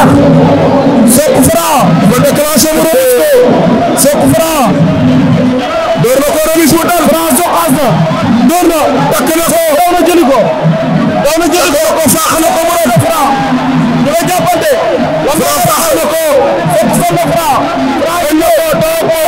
xeex sokk Franc ba déclenché mu remis ko sokk Franc door na ko remis mu dal Franc soqaas na door na takk na ko daw na jëli ko daw na jëli ko ko faax na ko mu rëdd Franc ñu nga jàppante wax nga faax na ko sokk sokk Franc Franc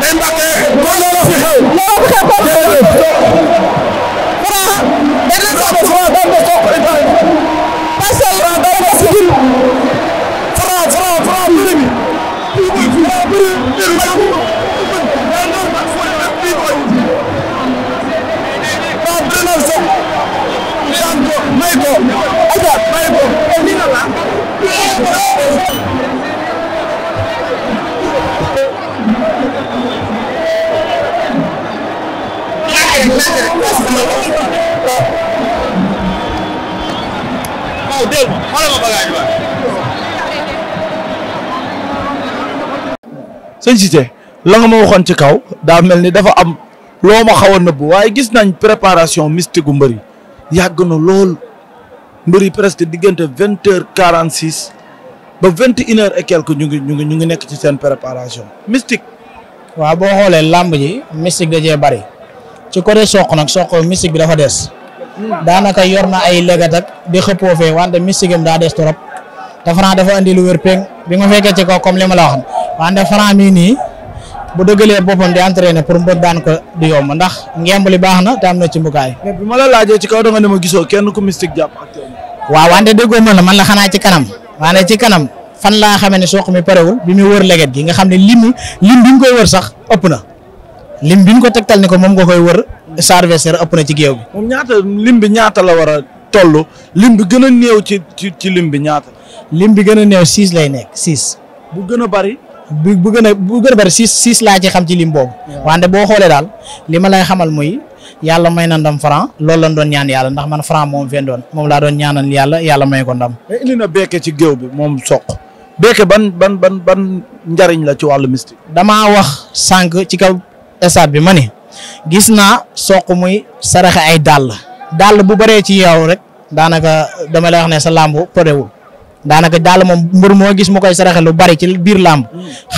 day Mbàkke kon loolu fi xew loolu fi xew Franc dañ leen sopp Franc dañ ko sopp waaw del xoolal ma la ma waxoon ci kaw daa mel ni dafa am loo ma xaw a nëbbu waaye gis nañ préparation mystique gu mbër yi yàgg na lool mbër yi presque diggante vingt heures quarante six ba vingt et une heures ñu ngi ñu ngi ñu ngi nekk ci seen préparation mystique. waa boo xoolee làmb ji mystique da cee bari ci côté soq nag soq mystique bi dafa des. daanaka yor na ay leget ak di xëppoo fee wante mystique daa des trop te Franc dafa andi lu wér péng bi nga fekkee ci kaw comme li ma la waxoon wante Franc mii nii bu dëggalee boppam di entraîner pour mbër daan ko di yomb ndax ngemb li baax na te am na ci mbukaay. mais bi ma la laajee ci kaw da nga ne gisoo kenn ku mystique jàpp actuellement. waaw wante déggoo ma man la xanaa ci kanam wante ci kanam fan laa xamee ne soq mi parewul bi mu wër leget gi nga xam ne lim lim bi ñu koy wër sax ëpp na lim bi ñu ko tegtal ni ko moom nga koy wër sa adversaire ëpp na ci géew bi. moom ñaata lim bi ñaata la war a toll lim bi gën a néew ci ci ci a néew six lay nekk six. bu a bari. a bu a bari six laa ci xam ci lim wante boo xoolee daal li ma xamal muy yàlla may na ndam Franc loolu lañ doon ñaan yàlla ndax man Franc moom fen doon moom laa doon ñaanal yàlla yàlla may ko ndam. mais indi na bekke ci géew bi moom soq. bekke ban ban ban njariñ la ci wàllu mystique. damaa wax sànq ci kaw stade bi ma gis naa soq muy saraxe ay dàll dàll bu bëree ci yow rek daanaka dama lay wax ne sa làmb parewul daanaka dàll moom mbër moo gis mu koy saraxe lu bari ci biir làmb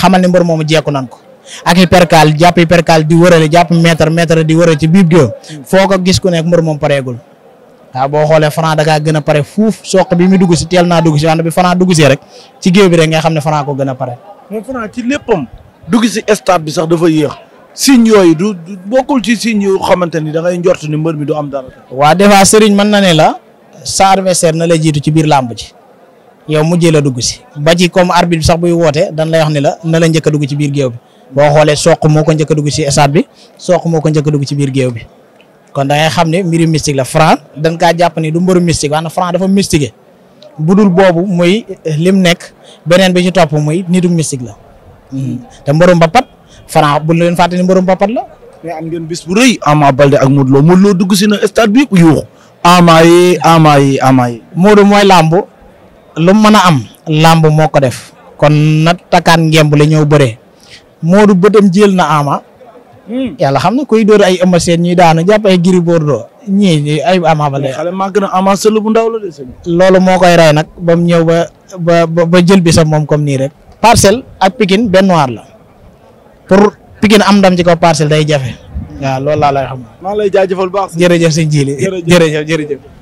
xamal ne mbër moomu jekku nan ko ak i perkaal jàpp i perkaal di wërale jàpp mètre mètre di wërale ci biib géew foo ko gis ku nekk mbër moom pareegul waaw boo xoolee Franc da gën a pare fuuf soq bi muy dugg si teel naa dugg si wante bi Franc dugg si rek ci bi rek nga xam ne Franc ko gën a pare. dugg si stade bi sax dafa yéex. signe yooyu du bokkul ci signe yu xamante ni da ngay njort ni mbër mi du am dara. waa des fois sëriñ man na ne la sa adversaire na lay jiitu ci biir làmb ji yow mu la dugg si ba ci comme arbitre bi sax buy woote dan lay wax ni la na la njëkk a dugg ci biir géew boo xoolee soq moo ko njëkk dugg si stade bi soq moo ko njëkk a dugg ci biir géew bi kon da ngay xam ne mbiru mystique la Franc dañ kaa jàpp ni du mbëru mystique waaye nag Franc dafa mystique budul boobu muy lim nekk beneen bi ci topp muy nitu mystique la hmm. te mbëru mbapat Franc bu leen fàtte ni papat la. mais am ngeen bis bu rëy Ama Baldé ak Modou Lo Modou Lo dugg si na stade bi yëpp yuuxu. Ama yi Ama yi Ama mooy làmb lu mën a am. làmb moo ko def. kon na takkaan ngemb la ñëw bëree. Modou bëtam jël na Ama. Hmm. yàlla xam na koy dóor ay Eumeu Sène ñuy daanu jàpp ay Gris Bordeaux ñii ay Ama Baldé. xale màgg na Ama bu ndaw moo koy rey nag ba mu ñëw ba ba jël bi moom comme nii rek. parcelle ak Pikine benn waar la. pour Pikine am ndam ci ko parcelle day jafe waaw loolu laa lay xam. maa lay jaajëfal baax. jërëjëf sëñ Jili jërëjëf jërëjëf.